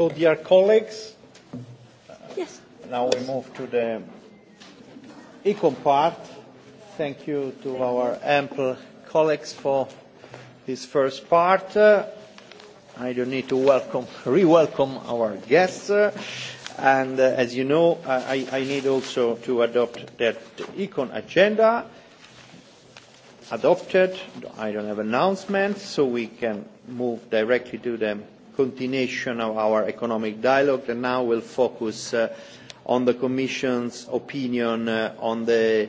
So, dear colleagues, yes. now we move to the econ part. Thank you to our ample colleagues for this first part. Uh, I don't need to welcome, re-welcome our guests. Uh, and uh, as you know, I, I need also to adopt that econ agenda adopted. I don't have announcements, so we can move directly to the continuation of our economic dialogue and now will focus on the Commission's opinion on the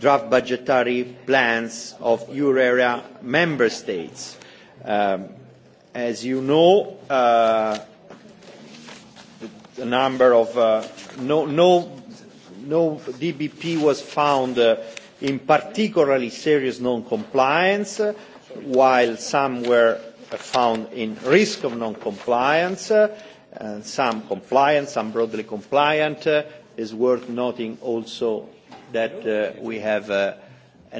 draft budgetary plans of euro area member states. as you know, the number of uh, no, no, no DBP was found uh, in particularly serious non-compliance, while some were found in risk of non-compliance, and some compliant, some broadly compliant. is worth noting also that we have a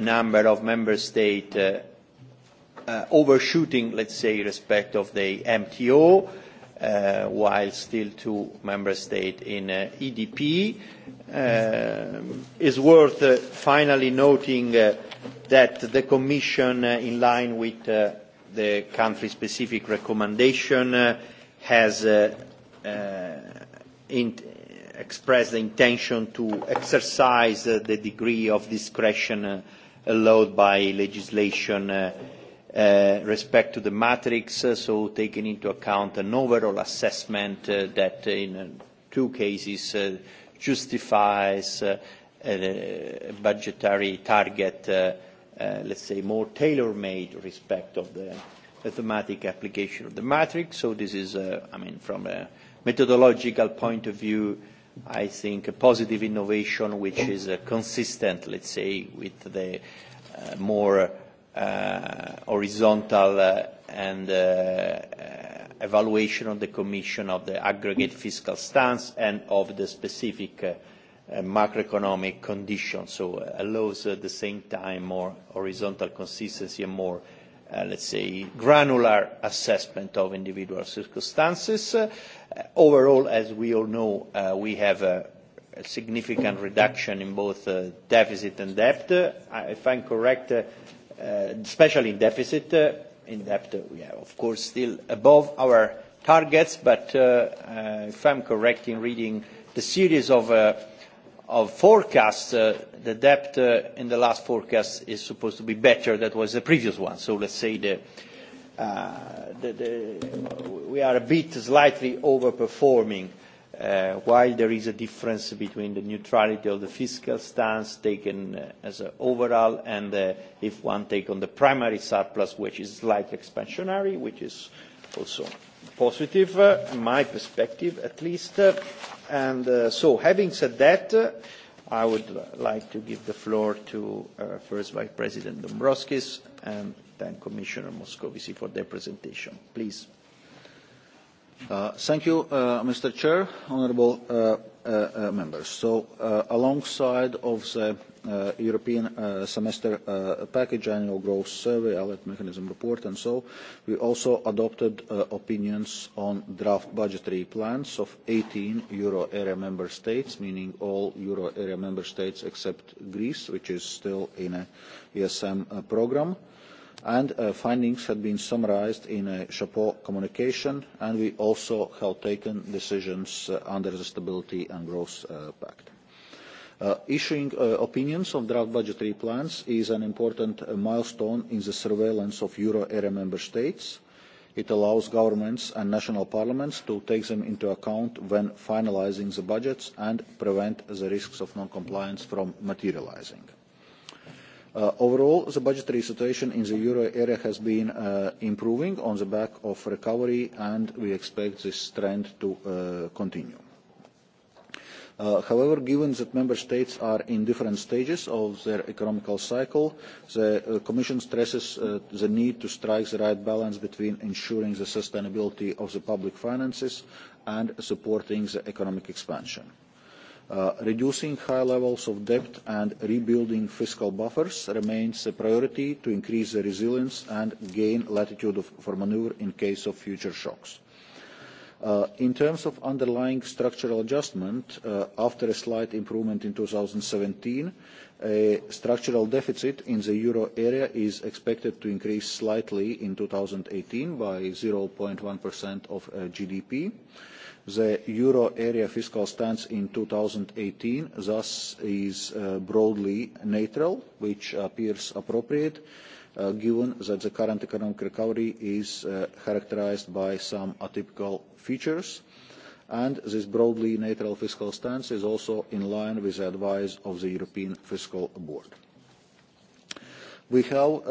number of member states overshooting, let's say, respect of the MTO, while still two member states in EDP. It's worth finally noting that the Commission, in line with the country-specific recommendation has expressed the intention to exercise the degree of discretion allowed by legislation uh, respect to the matrix, so taking into account an overall assessment that in two cases justifies a budgetary target uh, let's say, more tailor-made respect of the mathematic application of the matrix. So this is, uh, I mean, from a methodological point of view, I think a positive innovation which is uh, consistent, let's say, with the uh, more uh, horizontal uh, and uh, uh, evaluation of the Commission of the aggregate fiscal stance and of the specific uh, macroeconomic conditions, so allows at the same time more horizontal consistency and more, let's say, granular assessment of individual circumstances. Overall, as we all know, we have a significant reduction in both deficit and debt. If I'm correct, especially in deficit, in debt, we are of course still above our targets, but if I'm correct in reading the series of of forecasts, the debt in the last forecast is supposed to be better than was the previous one. So let's say the we are a bit slightly overperforming, while there is a difference between the neutrality of the fiscal stance taken as an overall and if one take on the primary surplus, which is slightly expansionary, which is also positive, uh, my perspective at least. Uh, and uh, so having said that, uh, I would like to give the floor to uh, first Vice President Dombrovskis and then Commissioner Moscovici for their presentation. Please. Uh, thank you, uh, Mr. Chair, honourable uh, uh, members. So uh, alongside of the European Semester Package, Annual Growth Survey, Alert Mechanism Report, and so. We also adopted opinions on draft budgetary plans of eighteen euro area member states, meaning all euro area member states except Greece, which is still in a ESM programme and findings have been summarised in a Chapeau communication, and we also have taken decisions under the Stability and Growth Pact issuing opinions of draft budgetary plans is an important milestone in the surveillance of euro area member states. It allows governments and national parliaments to take them into account when finalising the budgets and prevent the risks of non-compliance from materialising. overall, the budgetary situation in the euro area has been improving on the back of recovery and we expect this trend to continue however, given that member states are in different stages of their economic cycle, the Commission stresses the need to strike the right balance between ensuring the sustainability of the public finances and supporting the economic expansion. reducing high levels of debt and rebuilding fiscal buffers remains a priority to increase the resilience and gain latitude for manoeuvre in case of future shocks In terms of underlying structural adjustment, after a slight improvement in 2017, a structural deficit in the euro area is expected to increase slightly in 2018 by 0.1% of GDP. The euro area fiscal stance in 2018 thus is broadly neutral, which appears appropriate given that the current economic recovery is characterised by some atypical features. and This broadly neutral fiscal stance is also in line with the advice of the European Fiscal Board. We have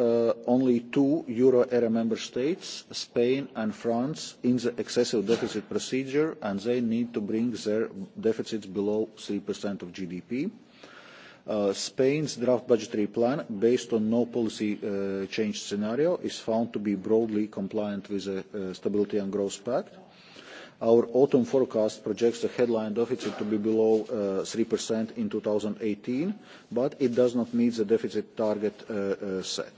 only two euro area member states, Spain and France, in the excessive deficit procedure, and they need to bring their deficits below 3% of GDP Spain's draft budgetary plan, based on no policy change scenario, is found to be broadly compliant with the Stability and Growth Pact. Our autumn forecast projects the headline deficit to be below 3% in eighteen, but it does not meet the deficit target set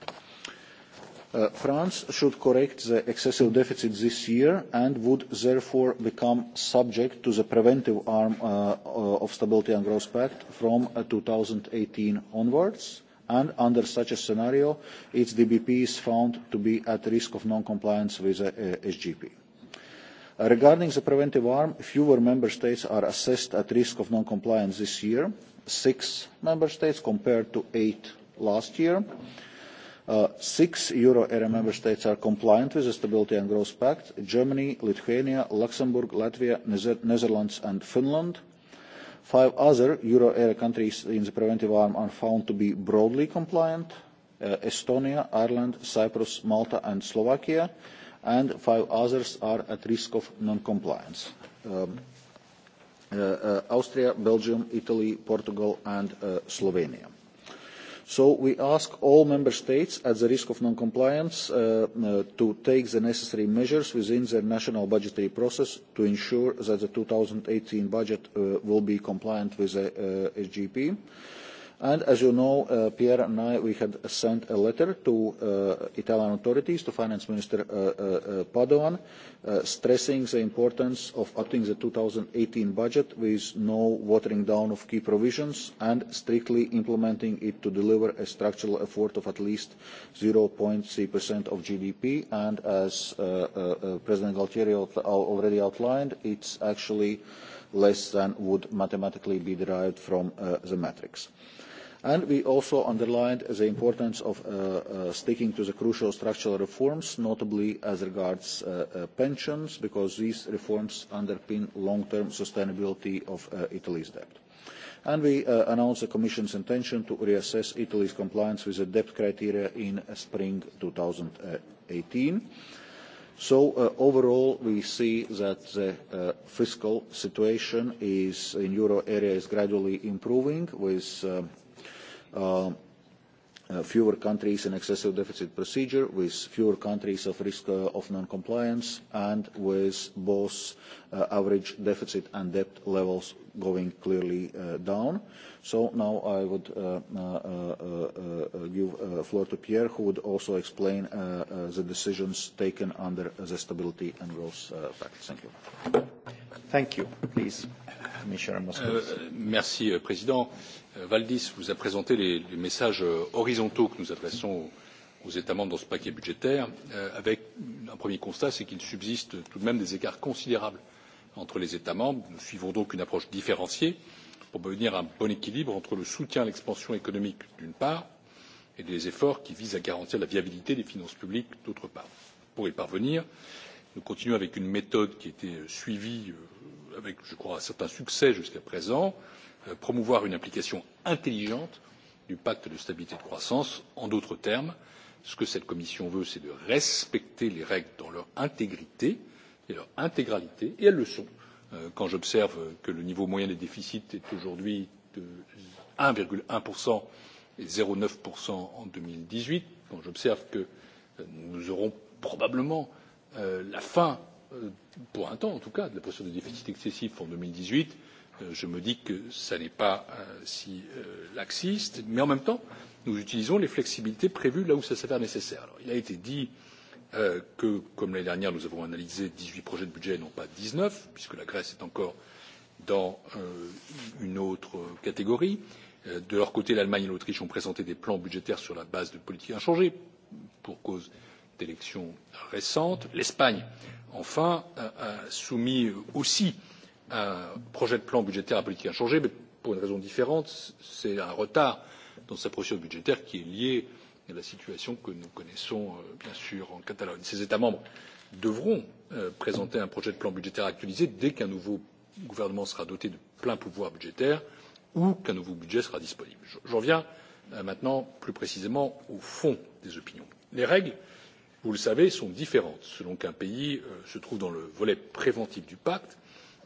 France should correct the excessive deficit this year and would therefore become subject to the preventive arm of the Stability and Growth Pact from eighteen onwards. And under such a scenario, its DBP is found to be at risk of non-compliance with the SGP. Regarding the preventive arm, fewer member states are assessed at risk of non-compliance this year, six member states compared to eight last year. Uh, six euro area member states are compliant with the Stability and Growth Pact Germany, Lithuania, Luxembourg, Latvia, the Netherlands, and Finland. Five other euro area countries in the preventive arm are found to be broadly compliant Estonia, Ireland, Cyprus, Malta, and Slovakia, and five others are at risk of non compliance Austria, Belgium, Italy, Portugal, and Slovenia So we ask all member states at the risk of non-compliance to take the necessary measures within their national budgetary process to ensure that the eighteen budget will be compliant with the SGP. And as you know, Pierre and I, we had sent a letter to Italian authorities, to Finance Minister Padoan, stressing the importance of opting the eighteen budget with no watering down of key provisions and strictly implementing it to deliver a structural effort of at least 0.3% of GDP. And as President Galtieri already outlined, it's actually less than would mathematically be derived from the metrics. And we also underlined the importance of sticking to the crucial structural reforms, notably as regards pensions, because these reforms underpin long-term sustainability of Italy's debt. And we announced the Commission's intention to reassess Italy's compliance with the debt criteria in spring eighteen. So Overall, we see that the fiscal situation in the euro area is gradually improving with fewer countries in excessive deficit procedure, with fewer countries at risk of non-compliance, and with both average deficit and debt levels going clearly down. So now I would give floor to Pierre, who would also explain the decisions taken under the Stability and Growth Pact. Thank you. Thank you. Please. Monsieur le Président. Valdis vous a présenté les messages horizontaux que nous adressons aux États membres dans ce paquet budgétaire avec un premier constat, c'est qu'il subsiste tout de même des écarts considérables entre les États membres. Nous suivons donc une approche différenciée pour parvenir à un bon équilibre entre le soutien à l'expansion économique d'une part et les efforts qui visent à garantir la viabilité des finances publiques d'autre part. pour y parvenir nous continuons avec une méthode qui a été suivie avec je crois un certain succès jusqu'à présent promouvoir une application intelligente du pacte de stabilité et de croissance. en d'autres termes ce que cette commission veut c'est respecter les règles dans leur intégrité et leur intégralité et elles le sont quand j'observe que le niveau moyen des déficits est aujourd'hui de un un et zéro neuf en deux mille dix huit quand j'observe que nous aurons probablement la fin pour un temps en tout cas de la pression du déficit excessif en deux mille dix huit je me dis que ce n'est pas si laxiste mais en même temps nous utilisons les flexibilités prévues là où cela s'avère nécessaire. il a été dit que comme l'année dernière nous avons analysé dix huit projets de budget et non pas dix neuf puisque la grèce est encore dans une autre catégorie. de leur côté l'allemagne et l'autriche ont présenté des plans budgétaires sur la base de politiques inchangées pour cause d'élections récentes. l'espagne enfin soumis aussi un projet de plan budgétaire à politique inchangée mais pour une raison différente c'est un retard dans sa procédure budgétaire qui est lié à la situation que nous connaissons bien sûr en catalogne. ces états membres devront présenter un projet de plan budgétaire actualisé dès qu'un nouveau gouvernement sera doté de pleins pouvoirs budgétaires ou qu'un nouveau budget sera disponible. j'en viens maintenant plus précisément au fond des opinions. les règles vous le savez sont différentes selon qu'un pays se trouve dans le volet préventif du pacte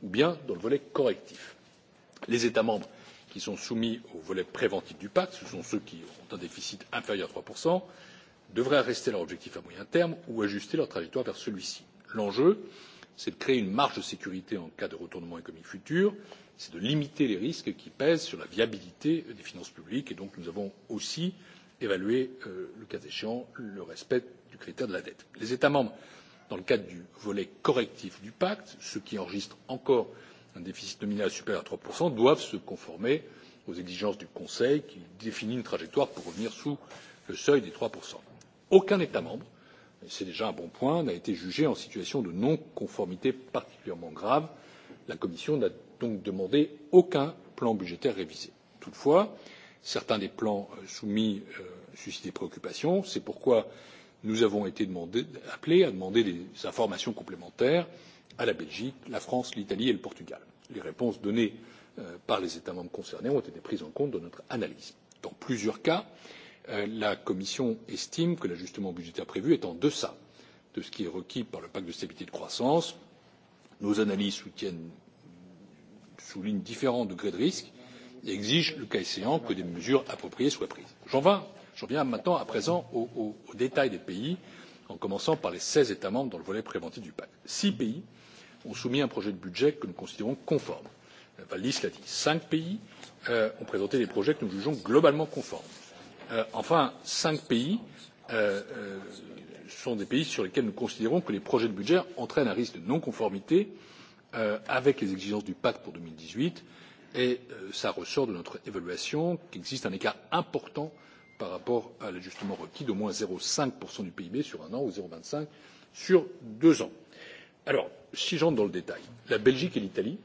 ou bien dans le volet correctif. les états membres qui sont soumis au volet préventif du pacte ce sont ceux qui ont un déficit inférieur à trois devraient rester leur objectif à moyen terme ou ajuster leur trajectoire vers celui ci. l'enjeu c'est de créer une marge de sécurité en cas de retournement économique futur c'est de limiter les risques qui pèsent sur la viabilité des finances publiques et donc nous avons aussi évalué le cas échéant le respect du critère de la dette. les états membres dans le cadre du volet correctif du pacte ceux qui enregistrent encore un déficit nominal supérieur à trois doivent se conformer aux exigences du conseil qui définit une trajectoire pour revenir sous le seuil des trois aucun état membre et c'est déjà un bon point n'a été jugé en situation de non conformité particulièrement grave. la commission n'a donc demandé aucun plan budgétaire révisé. toutefois certains des plans soumis suscitent des préoccupations c'est pourquoi nous avons été appelés à demander des informations complémentaires à la belgique la france l'italie et le portugal. les réponses données par les états membres concernés ont été prises en compte dans notre analyse. dans plusieurs cas la commission estime que l'ajustement budgétaire prévu est en deçà de ce qui est requis par le pacte de stabilité et de croissance. nos analyses soulignent différents degrés de risque et exigent le cas échéant que des mesures appropriées soient prises. j'en j'en viens maintenant à présent au détail des pays en commençant par les seize états membres dans le volet préventif du pacte. six pays ont soumis un projet de budget que nous considérons conforme wallis l'a dit cinq pays ont présenté des projets que nous jugeons globalement conformes. enfin cinq pays sont des pays sur lesquels nous considérons que les projets de budget entraînent un risque de non conformité avec les exigences du pacte pour deux mille dix huit et cela ressort de notre évaluation qu'il existe un écart important par rapport à l'ajustement requis d'au moins zéro cinq du pib sur un an ou zéro vingt cinq sur deux ans. alors si j'entre dans le détail la belgique et l'italie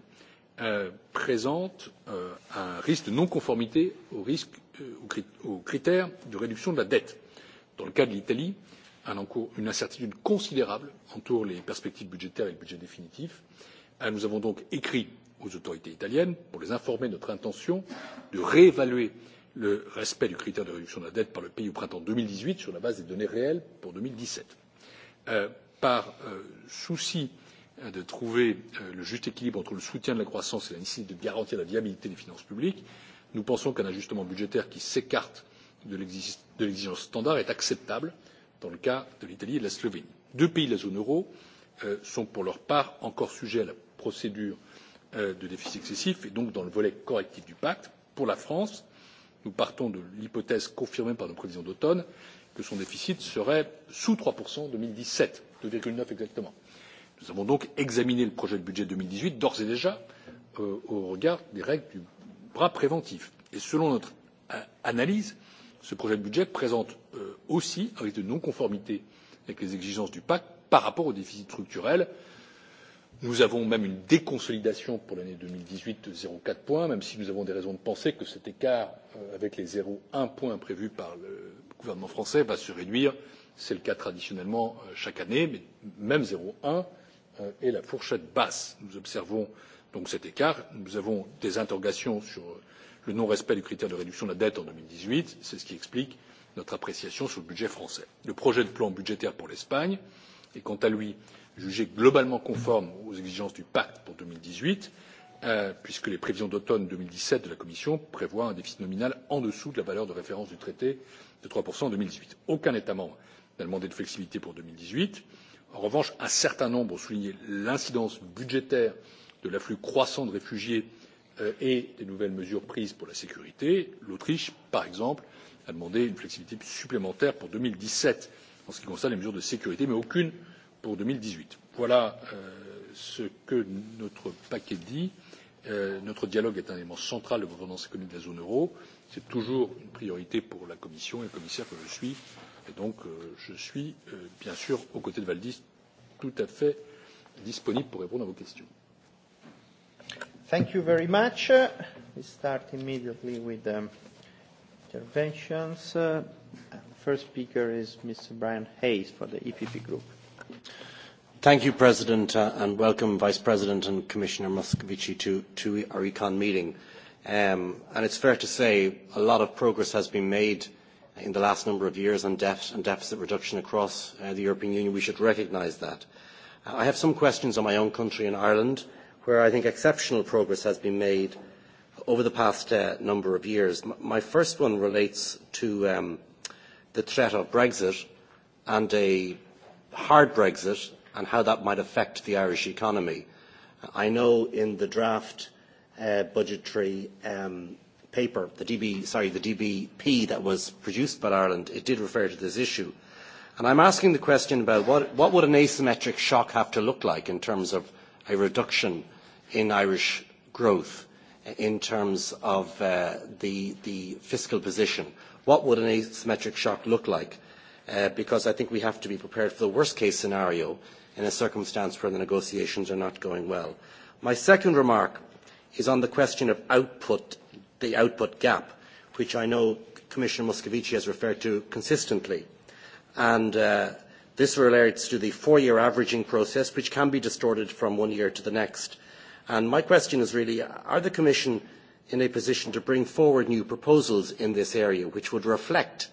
présentent un risque de non conformité aux critères de réduction de la dette. dans le cas de l'italie une incertitude considérable entoure les perspectives budgétaires et le budget définitif. nous avons donc écrit aux autorités italiennes pour les informer de notre intention de réévaluer le respect du critère de réduction de la dette par le pays au printemps deux mille dix huit sur la base des données réelles pour deux mille dix sept par souci de trouver le juste équilibre entre le soutien de la croissance et la nécessité de garantir la viabilité des finances publiques nous pensons qu'un ajustement budgétaire qui s'écarte de l'exigence standard est acceptable dans le cas de l'italie et de la slovénie. deux pays de la zone euro sont pour leur part encore sujets à la procédure de déficit excessif et donc dans le volet correctif du pacte pour la france nous partons de l'hypothèse confirmée par nos prévisions d'automne que son déficit serait sous trois en deux mille dix sept deux neuf exactement. nous avons donc examiné le projet de budget deux mille dix huit d'ores et déjà au regard des règles du bras préventif et selon notre analyse ce projet de budget présente aussi un risque de non conformité avec les exigences du pacte par rapport au déficit structurel nous avons même une déconsolidation pour l'année deux mille dix huit de zéro quatre point même si nous avons des raisons de penser que cet écart avec les zéro un point prévus par le gouvernement français va se réduire c'est le cas traditionnellement chaque année mais même zéro un est la fourchette basse. nous observons donc cet écart nous avons des interrogations sur le non respect du critère de réduction de la dette en deux mille dix huit c'est ce qui explique notre appréciation sur le budget français. le projet de plan budgétaire pour l'espagne est quant à lui jugée globalement conforme aux exigences du pacte pour deux mille dix huit puisque les prévisions d'automne deux mille dix sept de la commission prévoient un déficit nominal en dessous de la valeur de référence du traité de trois en. deux mille dix huit aucun état membre n'a demandé de flexibilité pour. deux mille dix huit en revanche un certain nombre ont souligné l'incidence budgétaire de l'afflux croissant de réfugiés et des nouvelles mesures prises pour la sécurité l'autriche par exemple a demandé une flexibilité supplémentaire pour deux mille dix sept en ce qui concerne les mesures de sécurité mais aucune pour deux mille dix huit voilà ce que notre paquet dit. notre dialogue est un élément central de la gouvernance économique de la zone euro c'est toujours une priorité pour la commission et le commissaire que je suis et donc je suis bien sûr aux côtés de valdis tout à fait disponible pour répondre à vos questions. Thank you very much. We start immediately with um, interventions. Uh, first speaker is Mr. Brian Hayes for the EPP Group. Thank you, President, and welcome Vice President and Commissioner Moscovici to our Econ meeting. Um, and it's fair to say a lot of progress has been made in the last number of years on debt and deficit reduction across the European Union. We should recognise that. I have some questions on my own country in Ireland, where I think exceptional progress has been made over the past number of years. My first one relates to the threat of Brexit and a hard Brexit and how that might affect the Irish economy. I know in the draft budgetary paper, the DB, sorry, the DBP that was produced by Ireland, it did refer to this issue. And I'm asking the question about what, what would an asymmetric shock have to look like in terms of a reduction in Irish growth in terms of the, the fiscal position. What would an asymmetric shock look like? because I think we have to be prepared for the worst case scenario in a circumstance where the negotiations are not going well. My second remark is on the question of output, the output gap, which I know Commissioner Moscovici has referred to consistently. And this relates to the four-year averaging process, which can be distorted from one year to the next. And my question is really, are the Commission in a position to bring forward new proposals in this area which would reflect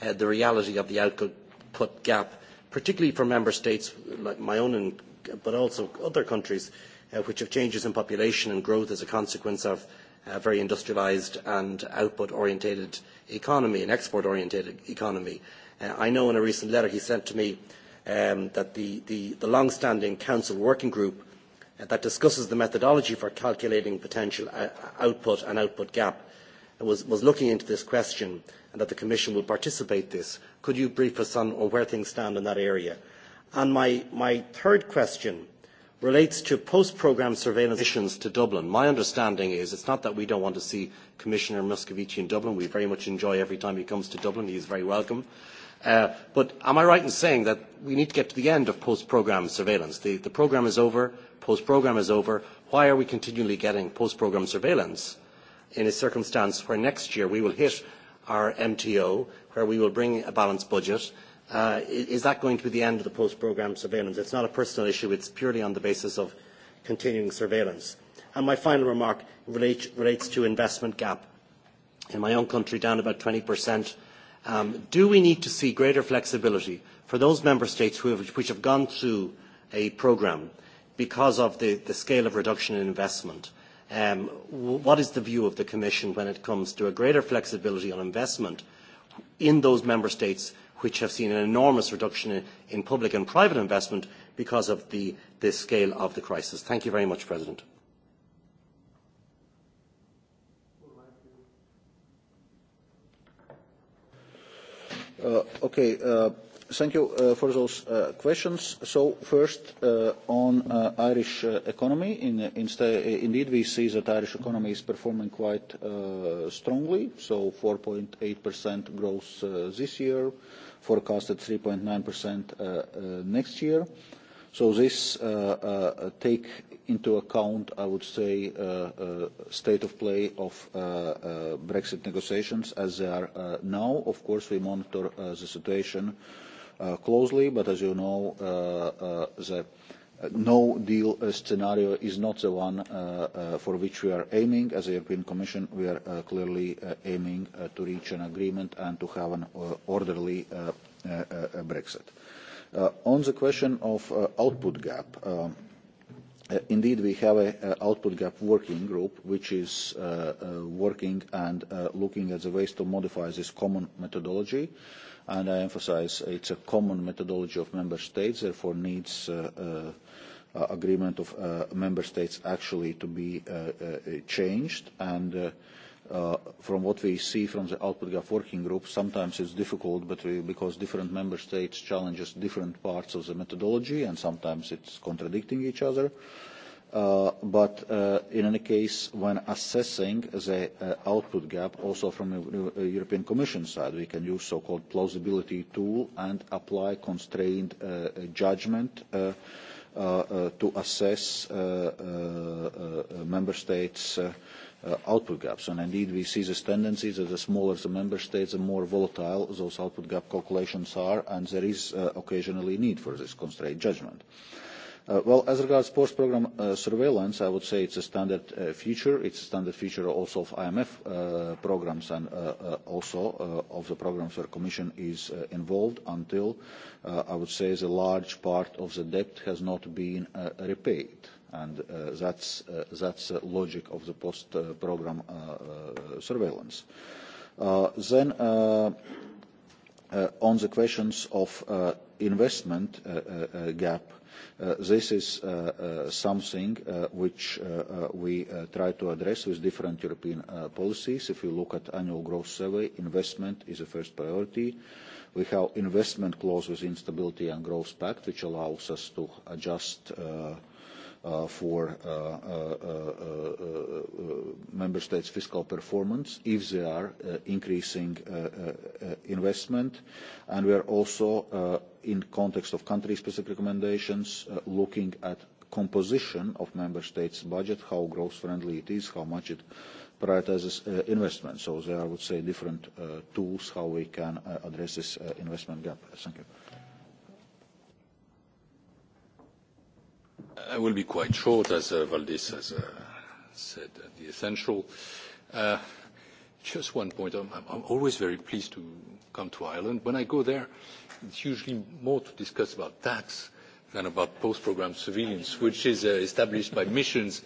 the reality of the output gap particularly for member states like my own, but also other countries which have changes in population and growth as a consequence of a very industrialised and output-orientated economy, an export-orientated economy. I know in a recent letter he sent to me that the, the, the long-standing council working group that discusses the methodology for calculating potential output and output gap was, was looking into this question and that the Commission will participate in this. Could you brief us on where things stand in that area? And My third question relates to post-programme surveillance missions to Dublin. My understanding is it's not that we don't want to see Commissioner Moscovici in Dublin. We very much enjoy every time he comes to Dublin. He is very welcome. But am I right in saying that we need to get to the end of post-programme surveillance? The programme is over, post-programme is over. Why are we continually getting post-programme surveillance in a circumstance where next year we will hit our MTO, where we will bring a balanced budget. Uh, is that going to be the end of the post-programme surveillance? It's not a personal issue, it's purely on the basis of continuing surveillance. And my final remark relates, relates to investment gap. In my own country, down about 20%. Um, do we need to see greater flexibility for those member states who have, which have gone through a programme because of the, the scale of reduction in investment? what is the view of the Commission when it comes to a greater flexibility on investment in those member states which have seen an enormous reduction in public and private investment because of the, scale of the crisis? Thank you very much, President. okay, Thank you uh, for those uh, questions. So first, uh, on uh, Irish uh, economy, in, in indeed we see that Irish economy is performing quite uh, strongly, so 4.8% growth uh, this year, forecasted 3.9% uh, uh, next year. So this uh, uh, take into account, I would say, uh, uh, state of play of uh, uh, Brexit negotiations as they are uh, now. Of course, we monitor uh, the situation uh, closely, but as you know, the no-deal scenario is not the one for which we are aiming. As the European Commission, we are clearly aiming to reach an agreement and to have an orderly Brexit. On the question of output gap, indeed, we have an output gap working group, which is working and looking at the ways to modify this common methodology and I emphasise it is a common methodology of member states, therefore needs agreement of member states actually to be changed. And from what we see from the output gap working group, sometimes it is difficult, but we, because different member states challenges different parts of the methodology, and sometimes it is contradicting each other. Uh, but in any case, when assessing the output gap, also from the European Commission side, we can use so-called plausibility tool and apply constrained judgment to assess member states' output gaps. And indeed, we see this tendency that the smaller the member states, the more volatile those output gap calculations are, and there is occasionally need for this constrained judgment. Well, as regards post programme surveillance, I would say it's a standard feature. It's a standard feature also of IMF programmes and also of the programmes where Commission is involved until, I would say, the large part of the debt has not been repaid. And that's the logic of the post programme surveillance. Then on the questions of investment gap, This is something which we try to address with different European policies. If you look at annual growth survey, investment is the first priority. We have investment clause within Stability and Growth Pact, which allows us to adjust for member states' fiscal performance if they are increasing investment. and We are also in context of country-specific recommendations, looking at composition of member states' budget, how growth-friendly it is, how much it prioritizes investment. So there, I would say, different tools how we can address this investment gap. Thank you. I will be quite short, as Valdis has said the essential. Just one point. I'm always very pleased to come to Ireland. When I go there, it's usually more to discuss about tax than about post-programme surveillance, which is established by missions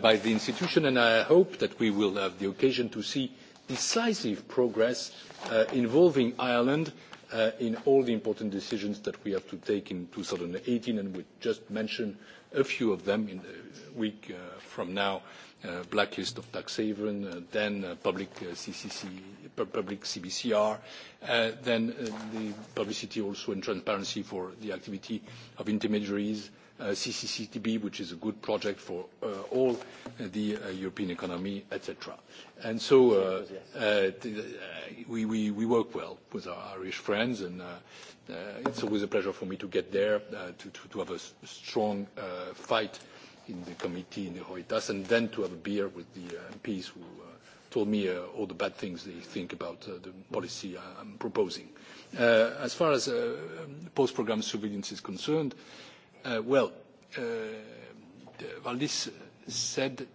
by the institution, and I hope that we will have the occasion to see decisive progress involving Ireland in all the important decisions that we have to take in eighteen and we just mentioned a few of them in a week from now, blacklist of tax haven, then public CCC, public CBCR, then the publicity also and transparency for the activity of intermediaries, CCCTB, which is a good project for all the European economy, et cetera. And so we work well with our Irish friends, and it's always a pleasure for me to get there to have a strong fight in the committee in the Hortas, and then to have a beer with the MPs who told me all the bad things they think about the policy I'm proposing. As far as post-programme surveillance is concerned, well, Valdis said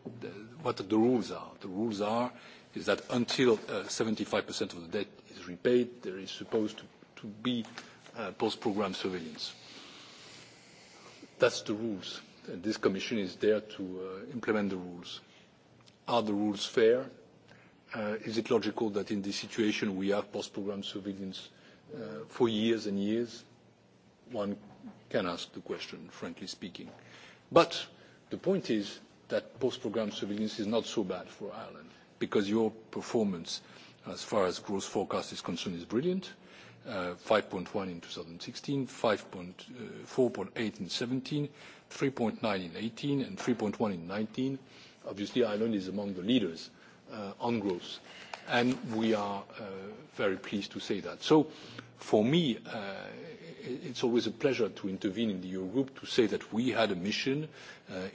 what the rules are. The rules are is that until seventy five of the debt is repaid, there is supposed to be post programme surveillance. That's the rules, and this commission is there to implement the rules. Are the rules fair? Is it logical that in this situation we have post programme surveillance for years and years? One can ask the question, frankly speaking. But the point is that post-programme surveillance is not so bad for Ireland because your performance as far as growth forecast is concerned is brilliant. 5.1 in 2016, 4.8 in 17, 3.9 in 18, and 3.1 in 19. Obviously, Ireland is among the leaders uh on growth, and we are uh very pleased to say that. So for me, it's always a pleasure to intervene in the Eurogroup to say that we had a mission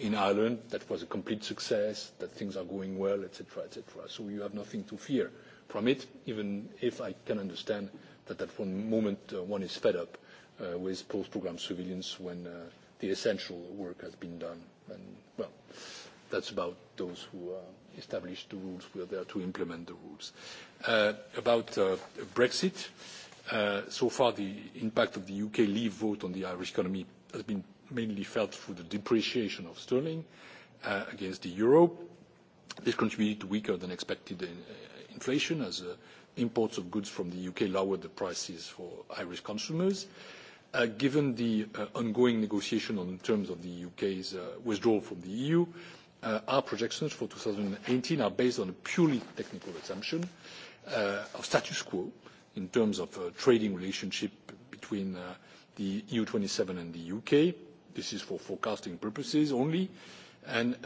in Ireland that was a complete success, that things are going well, etc. cetera, So you have nothing to fear from it, even if I can understand that at one moment one is fed up with post-program surveillance when the essential work has been done. And, well, that's about those who established the rules. We are there to implement the rules. About Brexit, So far, the impact of the U.K. leave vote on the Irish economy has been mainly felt through the depreciation of sterling against the euro. This contributed to weaker than expected inflation as imports of goods from the U.K. lowered the prices for Irish consumers. Given the ongoing negotiation on terms of the U.K.'s withdrawal from the EU, our projections for 2018 are based on a purely technical assumption of status quo, in terms of a trading relationship between the eu twenty seven and the uk. this is for forecasting purposes only and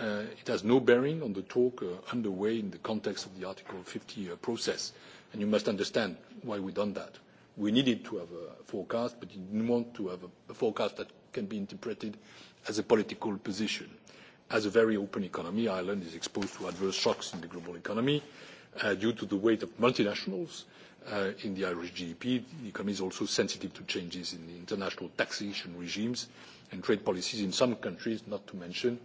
it has no bearing on the talk underway in the context of the article fifty process and you must understand why we done that. we needed to have a forecast but we did not want to have a forecast that can be interpreted as a political position. as a very open economy ireland is exposed to adverse shocks in the global economy due to the weight of multinationals in the Irish GDP. The economy is also sensitive to changes in the international taxation regimes and trade policies in some countries, not to mention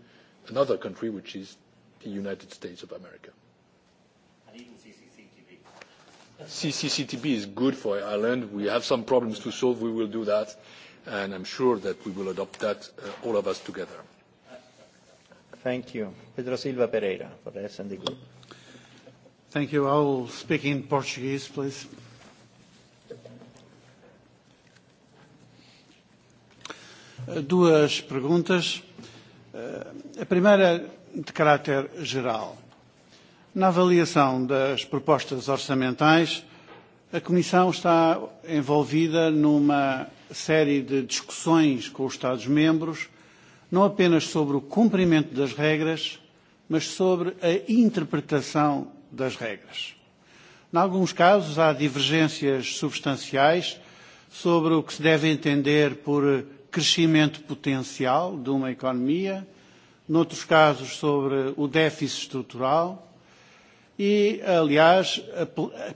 another country, which is the United States of America. And even CCCTB. CCCTB is good for Ireland. We have some problems to solve. We will do that, and I'm sure that we will adopt that, all of us together. Thank you. Pedro Silva Pereira for the S&D Group Thank you. I will speak in Portuguese, please. Duas perguntas. A primeira de caráter geral. Na avaliação das propostas orçamentais, a Comissão está envolvida numa série de discussões com os Estados-membros, não apenas sobre o cumprimento das regras, mas sobre a interpretação das regras. Em alguns casos, há divergências substanciais sobre o que se deve entender por crescimento potencial de uma economia, noutros casos, sobre o déficit estrutural e, aliás,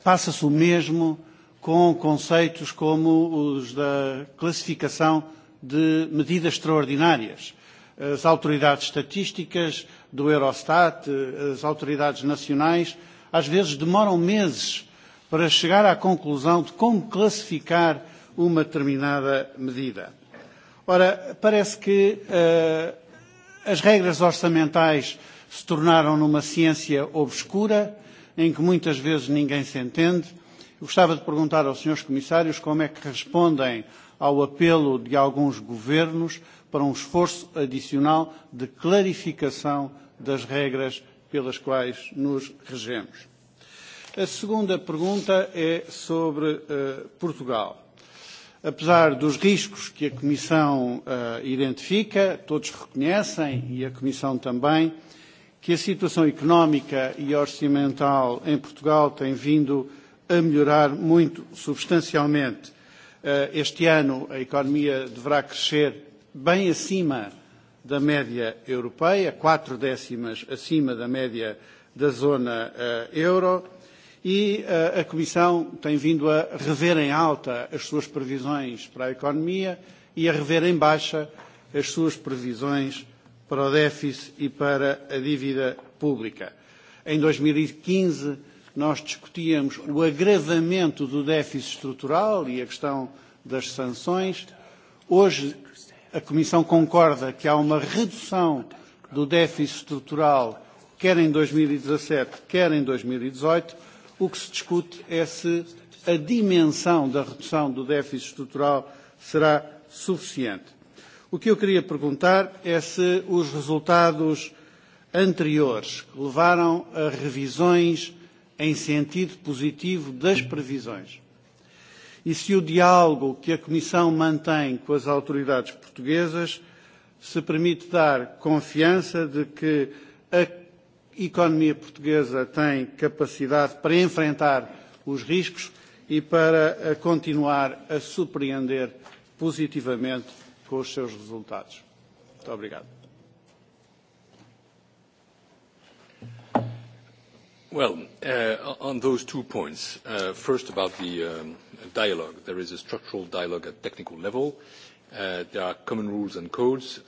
passa-se o mesmo com conceitos como os da classificação de medidas extraordinárias as autoridades estatísticas do Eurostat, as autoridades nacionais, às vezes demoram meses para chegar à conclusão de como classificar uma determinada medida. Ora, parece que uh, as regras orçamentais se tornaram numa ciência obscura, em que muitas vezes ninguém se entende. Eu gostava de perguntar aos senhores comissários como é que respondem ao apelo de alguns governos para um esforço adicional de clarificação das regras pelas quais nos regemos. A segunda pergunta é sobre Portugal. Apesar dos riscos que a Comissão identifica, todos reconhecem, e a Comissão também, que a situação económica e orçamental em Portugal tem vindo a melhorar muito substancialmente. Este ano a economia deverá crescer bem acima da média europeia, quatro décimas acima da média da zona euro, e a Comissão tem vindo a rever em alta as suas previsões para a economia e a rever em baixa as suas previsões para o déficit e para a dívida pública. Em 2015, nós discutíamos o agravamento do déficit estrutural e a questão das sanções. Hoje a Comissão concorda que há uma redução do déficit estrutural, quer em 2017, quer em 2018. O que se discute é se a dimensão da redução do déficit estrutural será suficiente. O que eu queria perguntar é se os resultados anteriores levaram a revisões em sentido positivo das previsões E se o diálogo que a Comissão mantém com as autoridades portuguesas se permite dar confiança de que a economia portuguesa tem capacidade para enfrentar os riscos e para a continuar a surpreender positivamente com os seus resultados. Muito obrigado. Well, on those two points, first about the dialogue. There is a structural dialogue at technical level. There are common rules and codes,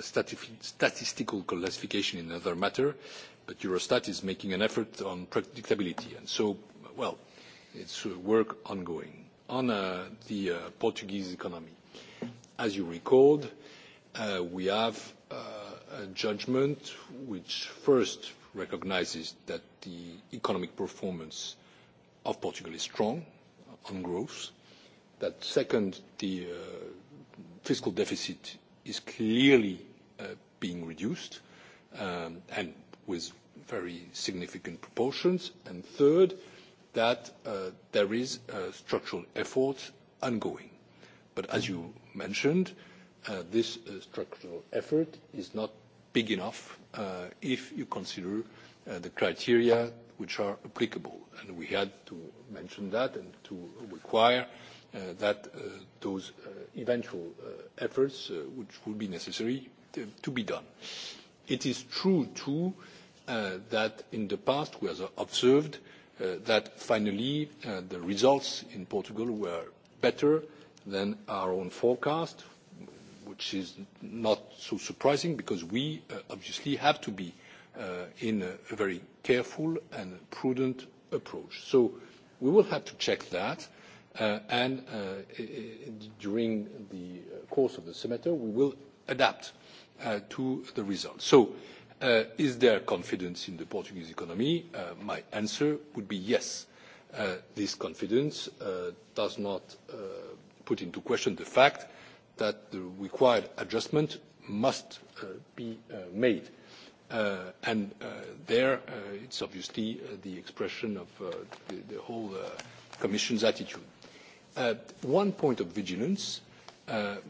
statistical classification in another matter, but Eurostat is making an effort on predictability. And so, well, it's work ongoing. On the Portuguese economy, as you recalled, we have a judgment which first recognises that the economic performance of Portugal is strong, on growth. That second, the fiscal deficit is clearly being reduced, and with very significant proportions. And third, that there is structural effort ongoing. But as you mentioned, this structural effort is not big enough if you consider the criteria which are applicable. And we had to mention that and to require that those eventual efforts which would be necessary to be done. It is true, too, that in the past we have observed that finally the results in Portugal were better than our own forecast, which is not so surprising because we obviously have to be in a very careful and prudent approach. So we will have to check that, and during the course of the semester, we will adapt to the results. So is there confidence in the Portuguese economy? My answer would be yes. This confidence does not put into question the fact that the required adjustment must be made And there, it's obviously the expression of the whole Commission's attitude. One point of vigilance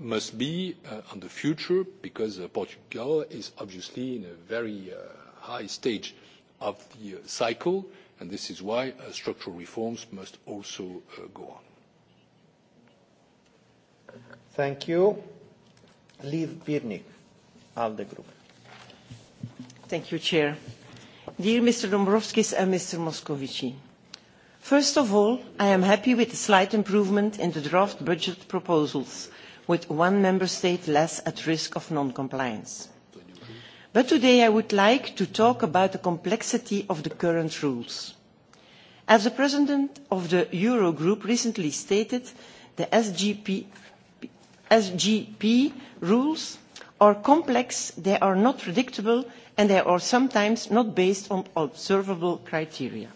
must be on the future, because Portugal is obviously in a very high stage of the cycle, and this is why structural reforms must also go on. Thank you. Birnik, ALDE Group. Mr President, Dear Mr. Dombrovskis and Mr. Moscovici, first of all, I am happy with the slight improvement in the draft budget proposals, with one member state less at risk of non-compliance. But today I would like to talk about the complexity of the current rules. As the president of the Eurogroup recently stated, the SGP, rules are complex, they are not predictable and they are sometimes not based on observable criteria.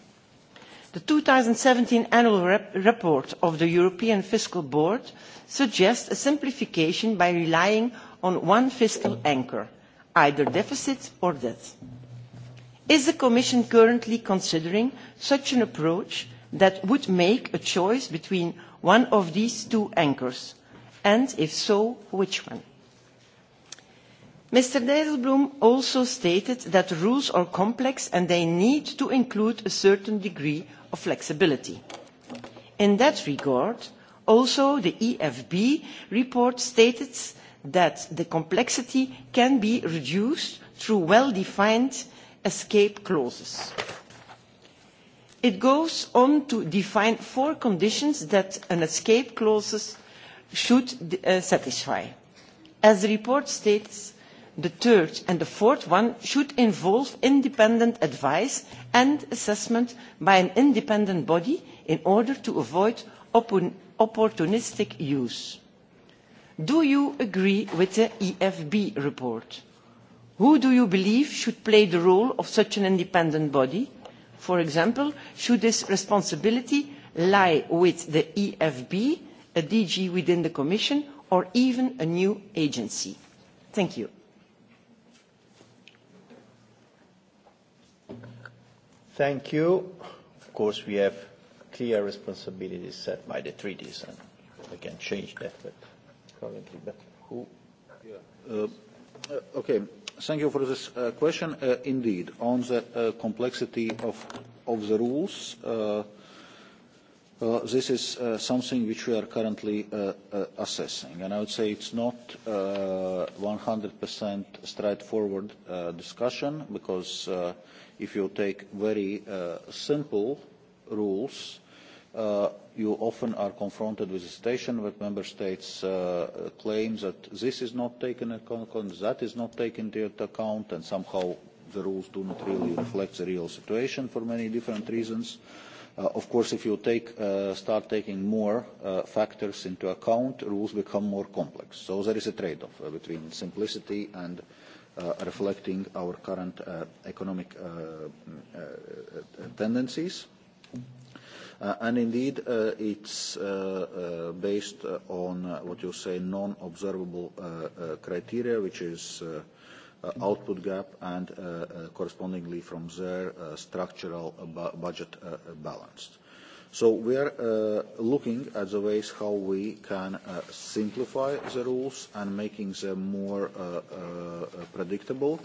The seventeen annual report of the European Fiscal Board suggests a simplification by relying on one fiscal anchor, either deficit or debt. Is the Commission currently considering such an approach that would make a choice between one of these two anchors? And if so, which one? Mr. Dijsselbloem also stated that the rules are complex and they need to include a certain degree of flexibility. In that regard, also the EFB report stated that the complexity can be reduced through well-defined escape clauses. It goes on to define four conditions that an escape clause should satisfy. As the report states, the third and the fourth one should involve independent advice and assessment by an independent body in order to avoid opportunistic use. do you agree with the efb report? who do you believe should play the role of such an independent body? for example should this responsibility lie with the efb a dg within the commission or even a new agency? thank you. Thank you. Of course, we have clear responsibilities set by the treaties, and we can change that, but currently, but who? Yeah. Uh, okay. Thank you for this uh, question. Uh, indeed, on the uh, complexity of of the rules. Uh, uh, this is uh, something which we are currently uh, uh, assessing, and I would say it's not uh, 100% straightforward uh, discussion because uh, if you take very uh, simple rules, uh, you often are confronted with a situation where member states uh, claim that this is not taken into account, that is not taken into account, and somehow the rules do not really reflect the real situation for many different reasons. Uh, of course, if you take, uh, start taking more uh, factors into account, rules become more complex. So there is a trade-off uh, between simplicity and uh, reflecting our current economic tendencies. And Indeed, it's based on what you say, non-observable criteria, which is output gap and correspondingly from there, structural budget balance So we are uh, looking at the ways how we can uh, simplify the rules and making them more uh, uh, predictable.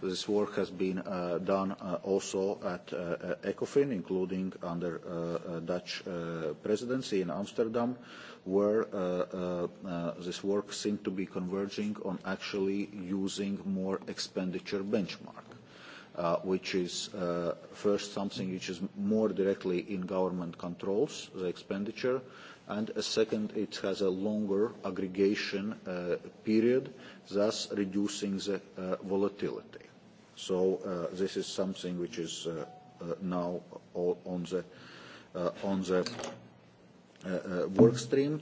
This work has been uh, done uh, also at uh, ECOFIN, including under uh, Dutch uh, presidency in Amsterdam, where uh, uh, uh, this work seemed to be converging on actually using more expenditure benchmark which is first something which is more directly in government controls, the expenditure, and second, it has a longer aggregation period, thus reducing the volatility. So this is something which is now on the work stream.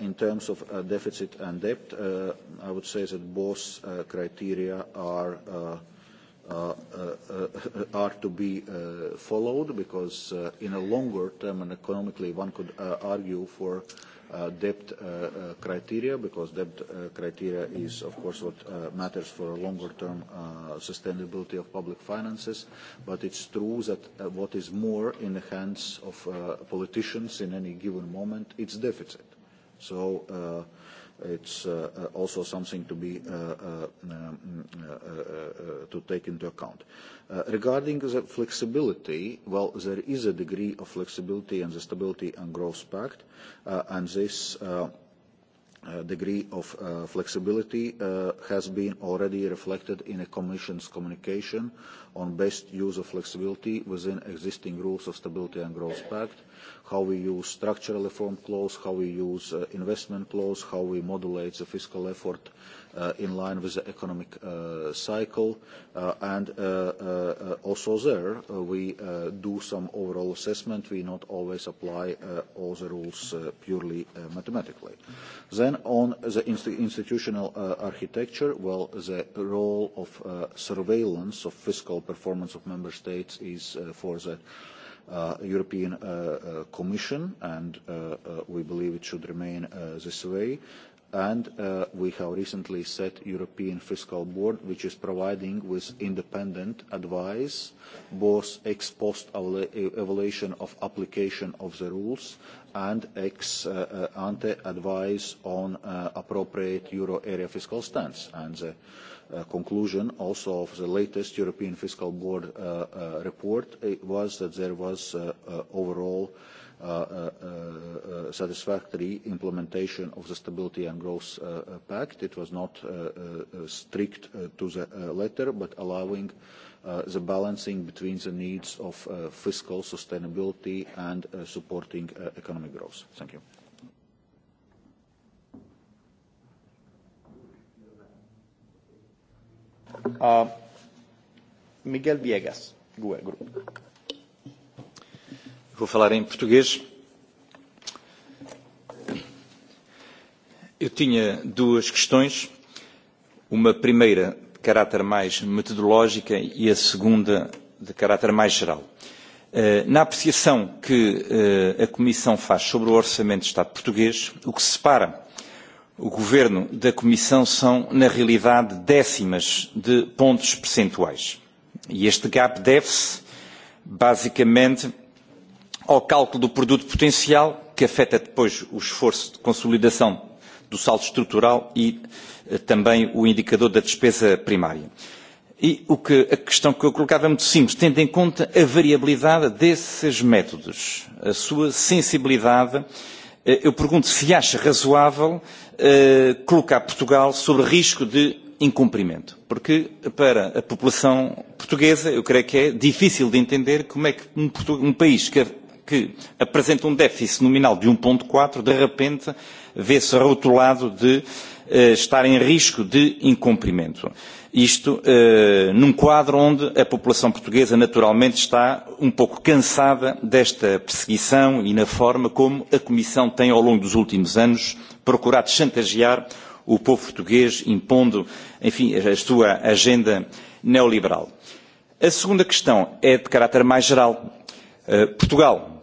In terms of deficit and debt, I would say that both criteria are are to be followed because in a longer term and economically one could argue for debt criteria because debt criteria is of course what matters for a longer term sustainability of public finances but it's true that what is more in the hands of politicians in any given moment is deficit so It's uh, also something to be uh, uh, to take into account. regarding the flexibility, well, there is a degree of flexibility in the Stability and Growth Pact, and this. Uh, degree of flexibility has been already reflected in the Commission's communication on best use of flexibility within existing rules of Stability and Growth Pact, how we use structural reform clause, how we use investment clause, how we modulate the fiscal effort in line with the economic cycle. And also there, we do some overall assessment. We not always apply all the rules purely mathematically. Then on the institutional architecture, well, the role of surveillance of fiscal performance of member states is for the European Commission, and we believe it should remain this way and we have recently set European Fiscal Board, which is providing with independent advice, both ex post evaluation of application of the rules and ex ante advice on appropriate euro area fiscal stance. And the conclusion also of the latest European Fiscal Board report was that there was overall uh, satisfactory implementation of the Stability and Growth Pact. It was not strict to the letter, but allowing the balancing between the needs of fiscal sustainability and supporting economic growth. Thank you. Miguel Viegas, Google Group. Vou falar em português. Eu tinha duas questões. Uma primeira de caráter mais metodológica e a segunda de caráter mais geral. Na apreciação que a Comissão faz sobre o Orçamento de Estado português, o que separa o Governo da Comissão são, na realidade, décimas de pontos percentuais. E este gap deve-se, basicamente, ao cálculo do produto potencial, que afeta depois o esforço de consolidação do saldo estrutural e também o indicador da despesa primária. E o que, a questão que eu colocava é muito simples, tendo em conta a variabilidade desses métodos, a sua sensibilidade, eu pergunto se acha razoável colocar Portugal sobre risco de incumprimento. Porque para a população portuguesa, eu creio que é difícil de entender como é que um, país que que apresenta um déficit nominal de 1,4, de repente vê-se rotulado de estar em risco de incumprimento. Isto num quadro onde a população portuguesa naturalmente está um pouco cansada desta perseguição e na forma como a Comissão tem, ao longo dos últimos anos, procurado chantagear o povo português, impondo, enfim, a sua agenda neoliberal. A segunda questão é de caráter mais geral. Portugal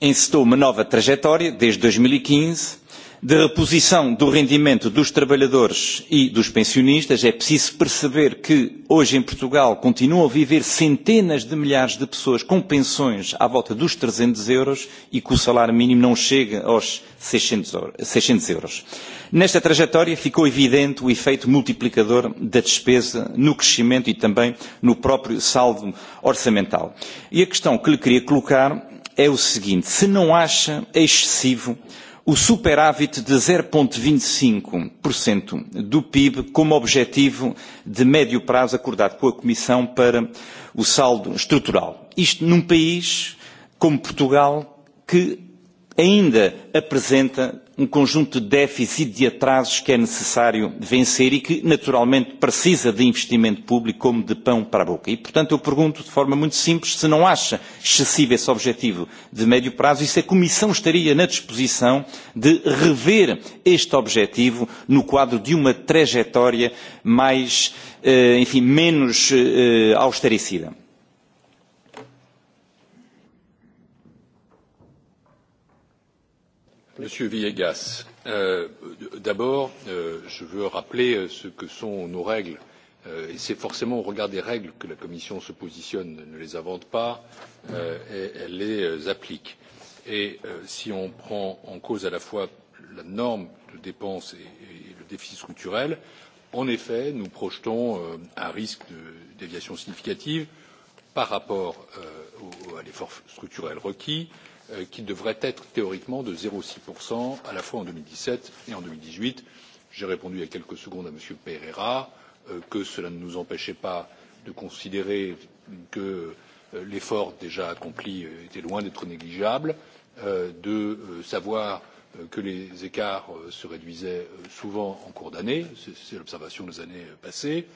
encetou uma nova trajetória, desde dois mil e quinze de reposição do rendimento dos trabalhadores e dos pensionistas. É preciso perceber que hoje em Portugal continuam a viver centenas de milhares de pessoas com pensões à volta dos trezentos euros e que o salário mínimo não chega aos 600 euros. Nesta trajetória ficou evidente o efeito multiplicador da despesa no crescimento e também no próprio saldo orçamental. E a questão que lhe queria colocar é o seguinte: se não acha excessivo o superávit de 0,25% do PIB como objetivo de médio prazo acordado com a Comissão para o saldo estrutural. Isto num país como Portugal que ainda apresenta um conjunto de déficit de atrasos que é necessário vencer e que, naturalmente, precisa de investimento público como de pão para a boca. E, portanto, eu pergunto de forma muito simples se não acha excessivo esse objetivo de médio prazo e se a Comissão estaria na disposição de rever este objetivo no quadro de uma trajetória mais, enfim, menos austericida. Monsieur Villegas, d'abord, je veux rappeler ce que sont nos règles. et c'est forcément au regard des règles que la Commission se positionne, ne les invente pas, elle les applique. Et si on prend en cause à la fois la norme de dépenses et le déficit structurel, en effet, nous projetons un risque de déviation significative par rapport à l'effort structurel requis qui devrait être théoriquement de zéro six à la fois en deux mille dix sept et en. deux mille dix huit j'ai répondu il y a quelques secondes à m. pereira que cela ne nous empêchait pas de considérer que l'effort déjà accompli était loin d'être négligeable de savoir que les écarts se réduisaient souvent en cours d'année c'est l'observation des années passées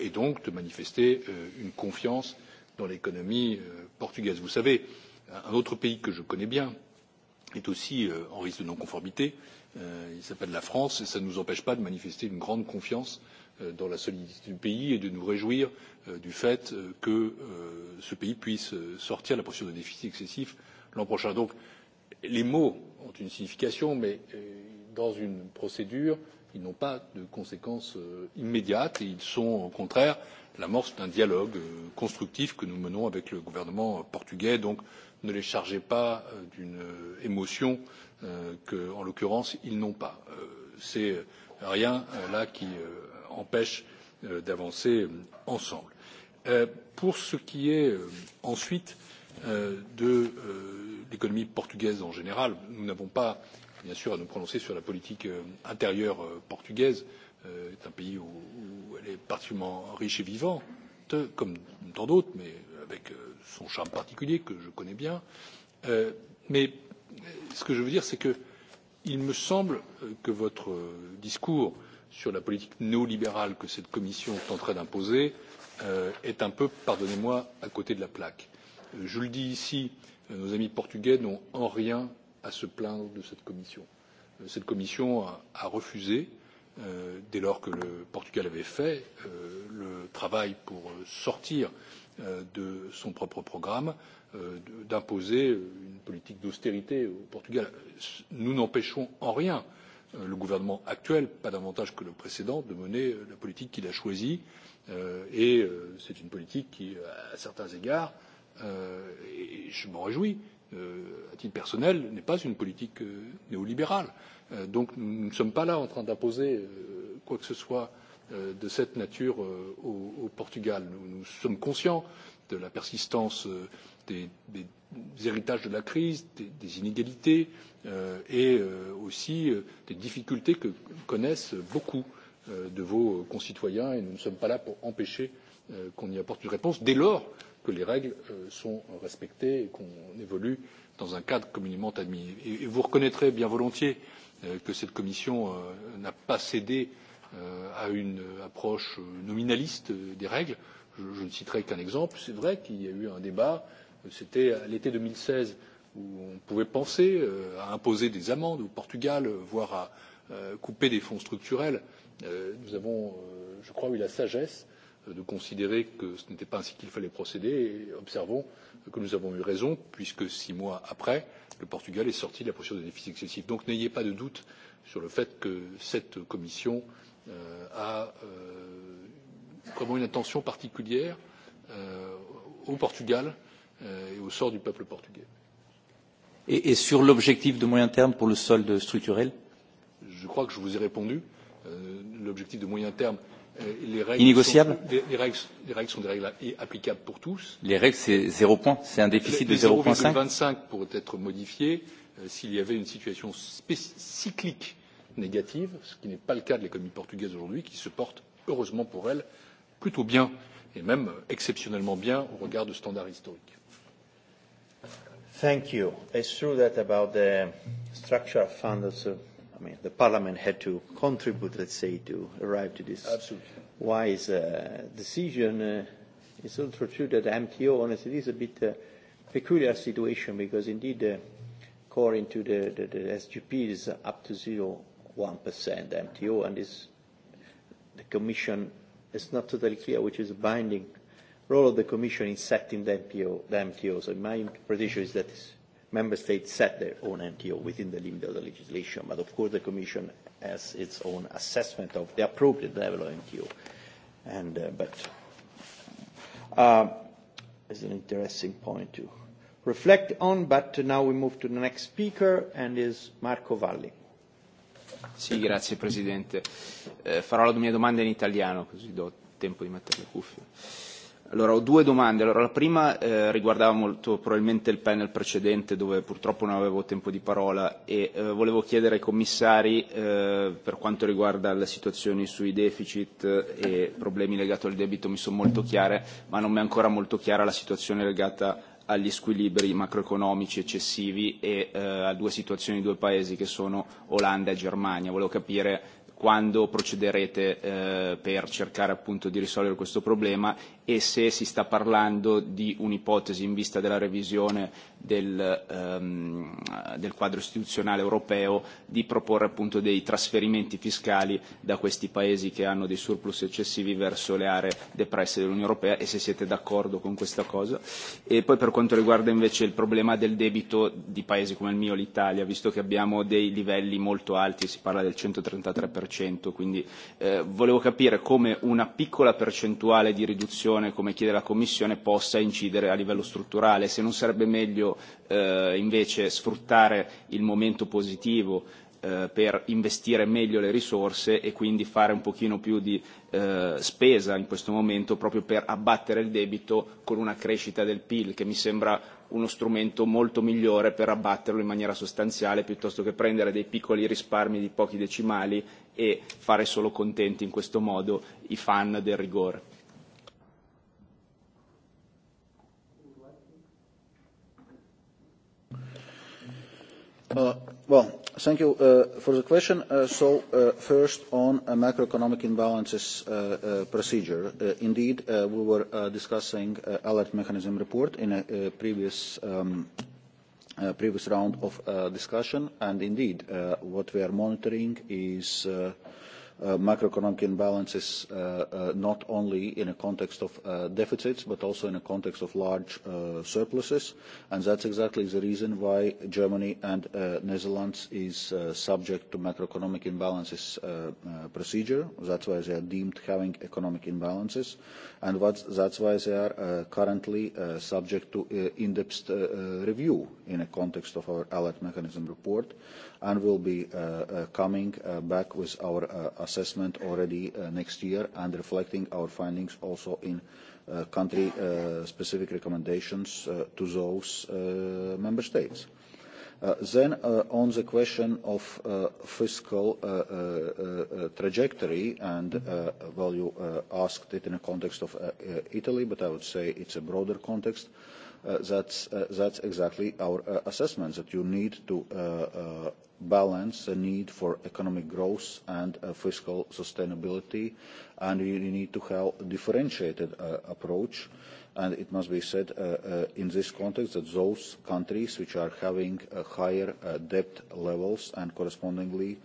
et donc de manifester une confiance dans l'économie portugaise. vous savez un autre pays que je connais bien est aussi en risque de non conformité il s'appelle la france et cela ne nous empêche pas de manifester une grande confiance dans la solidité du pays et de nous réjouir du fait que ce pays puisse sortir de la procédure de déficit excessif l'an prochain. donc les mots ont une signification mais dans une procédure ils n'ont pas de conséquences immédiates et ils sont au contraire l'amorce d'un dialogue constructif que nous menons avec le gouvernement portugais. donc ne les chargez pas d'une émotion que en l'occurrence ils n'ont pas. c'est rien là qui empêche d'avancer ensemble. pour ce qui est ensuite de l'économie portugaise en général nous n'avons pas bien sûr à nous prononcer sur la politique intérieure portugaise c'est un pays où elle est particulièrement riche et vivante comme tant d'autres mais avec son charme particulier que je connais bien mais ce que je veux dire c'est qu'il me semble que votre discours sur la politique néolibérale que cette commission tenterait d'imposer est un peu pardonnez moi à côté de la plaque. je le dis ici nos amis portugais n'ont en rien à se plaindre de cette commission. cette commission a refusé dès lors que le portugal avait fait le travail pour sortir de son propre programme d'imposer une politique d'austérité au portugal. nous n'empêchons en rien le gouvernement actuel pas davantage que le précédent de mener la politique qu'il a choisie et c'est une politique qui à certains égards et je m'en réjouis à titre personnel n'est pas une politique néolibérale. donc nous ne sommes pas là en train d'imposer quoi que ce soit de cette nature au Portugal. Nous sommes conscients de la persistance des héritages de la crise, des inégalités et aussi des difficultés que connaissent beaucoup de vos concitoyens et nous ne sommes pas là pour empêcher qu'on y apporte une réponse dès lors que les règles sont respectées et qu'on évolue dans un cadre communément admis. vous reconnaîtrez bien volontiers que cette commission n'a pas cédé à une approche nominaliste des règles. je ne citerai qu'un exemple c'est vrai qu'il y a eu un débat c'était à l'été deux mille seize où on pouvait penser à imposer des amendes au portugal voire à couper des fonds structurels. nous avons je crois eu la sagesse de considérer que ce n'était pas ainsi qu'il fallait procéder et observons que nous avons eu raison puisque six mois après le portugal est sorti de la procédure de déficit excessif. donc n'ayez pas de doute sur le fait que cette commission a vraiment une attention particulière au portugal et au sort du peuple portugais. et sur l'objectif de moyen terme pour le solde structurel je crois que je vous ai répondu l'objectif de moyen terme les règles sont des règles applicables pour tous. Les règles, c'est zéro point, c'est un déficit de zéro cinq. vingt cinq pourrait être modifié s'il y avait une situation cyclique négatives ce qui n'est pas le cas de l'économie portugaise aujourd'hui qui se porte heureusement pour elle plutôt bien et même exceptionnellement bien au regard de standards historiques. Thank you. It's true that about the structural fund, also, I mean, the Parliament had to contribute, let's say, to arrive to this Absolutely. wise uh, decision. Uh, it's also true that the MTO, honestly, is a bit uh, peculiar situation because indeed, uh, according to the, the, the SGP, is up to zero 1% MTO, and is the Commission, it's not totally clear which is binding role of the Commission in setting the MTO. The MTO. So my interpretation is that member states set their own MTO within the limit of the legislation, but of course the Commission has its own assessment of the appropriate level of MTO. And uh, but uh, it's an interesting point to reflect on. But now we move to the next speaker, and is Marco Valli. Sì, grazie Presidente. Eh, farò la mia domanda in italiano così do tempo di mettere le cuffie. Allora, ho due domande. Allora, la prima eh, riguardava molto probabilmente il panel precedente dove purtroppo non avevo tempo di parola e eh, volevo chiedere ai commissari eh, per quanto riguarda le situazioni sui deficit e problemi legati al debito mi sono molto chiare, ma non mi è ancora molto chiara la situazione legata agli squilibri macroeconomici eccessivi e eh, a due situazioni di due paesi che sono Olanda e Germania. Volevo capire quando procederete eh, per cercare appunto di risolvere questo problema e se si sta parlando di un'ipotesi in vista della revisione del, ehm, del quadro istituzionale europeo di proporre appunto dei trasferimenti fiscali da questi paesi che hanno dei surplus eccessivi verso le aree depresse dell'Unione Europea e se siete d'accordo con questa cosa. E poi per quanto riguarda invece il problema del debito di paesi come il mio, l'Italia, visto che abbiamo dei livelli molto alti, si parla del 133%, quindi eh, volevo capire come una piccola percentuale di riduzione Commissione, come chiede la Commissione, possa incidere a livello strutturale, se non sarebbe meglio eh, invece sfruttare il momento positivo per investire meglio le risorse e quindi fare un pochino più di spesa in questo momento proprio per abbattere il debito con una crescita del PIL che mi sembra uno strumento molto migliore per abbatterlo in maniera sostanziale piuttosto che prendere dei piccoli risparmi di pochi decimali e fare solo contenti in questo modo i fan del rigore. Well, thank you for the question. So, first on a macroeconomic imbalances procedure. Indeed, we were discussing alert mechanism report in a previous round of discussion. And indeed, what we are monitoring is macroeconomic imbalances not only in a context of deficits but also in a context of large surpluses and that's exactly the reason why Germany and the Netherlands is subject to macroeconomic imbalances procedure that's why they are deemed having economic imbalances and that's why they are currently subject to in-depth review in the context of our alert mechanism report and will be coming back with our assessment already next year and reflecting our findings also in country-specific recommendations to those member states. Then on the question of fiscal trajectory, and well, you asked it in the context of Italy, but I would say it's a broader context that's, that's exactly our assessment, that you need to balance the need for economic growth and fiscal sustainability, and you need to have a differentiated approach. and It must be said in this context that those countries which are having higher debt levels and correspondingly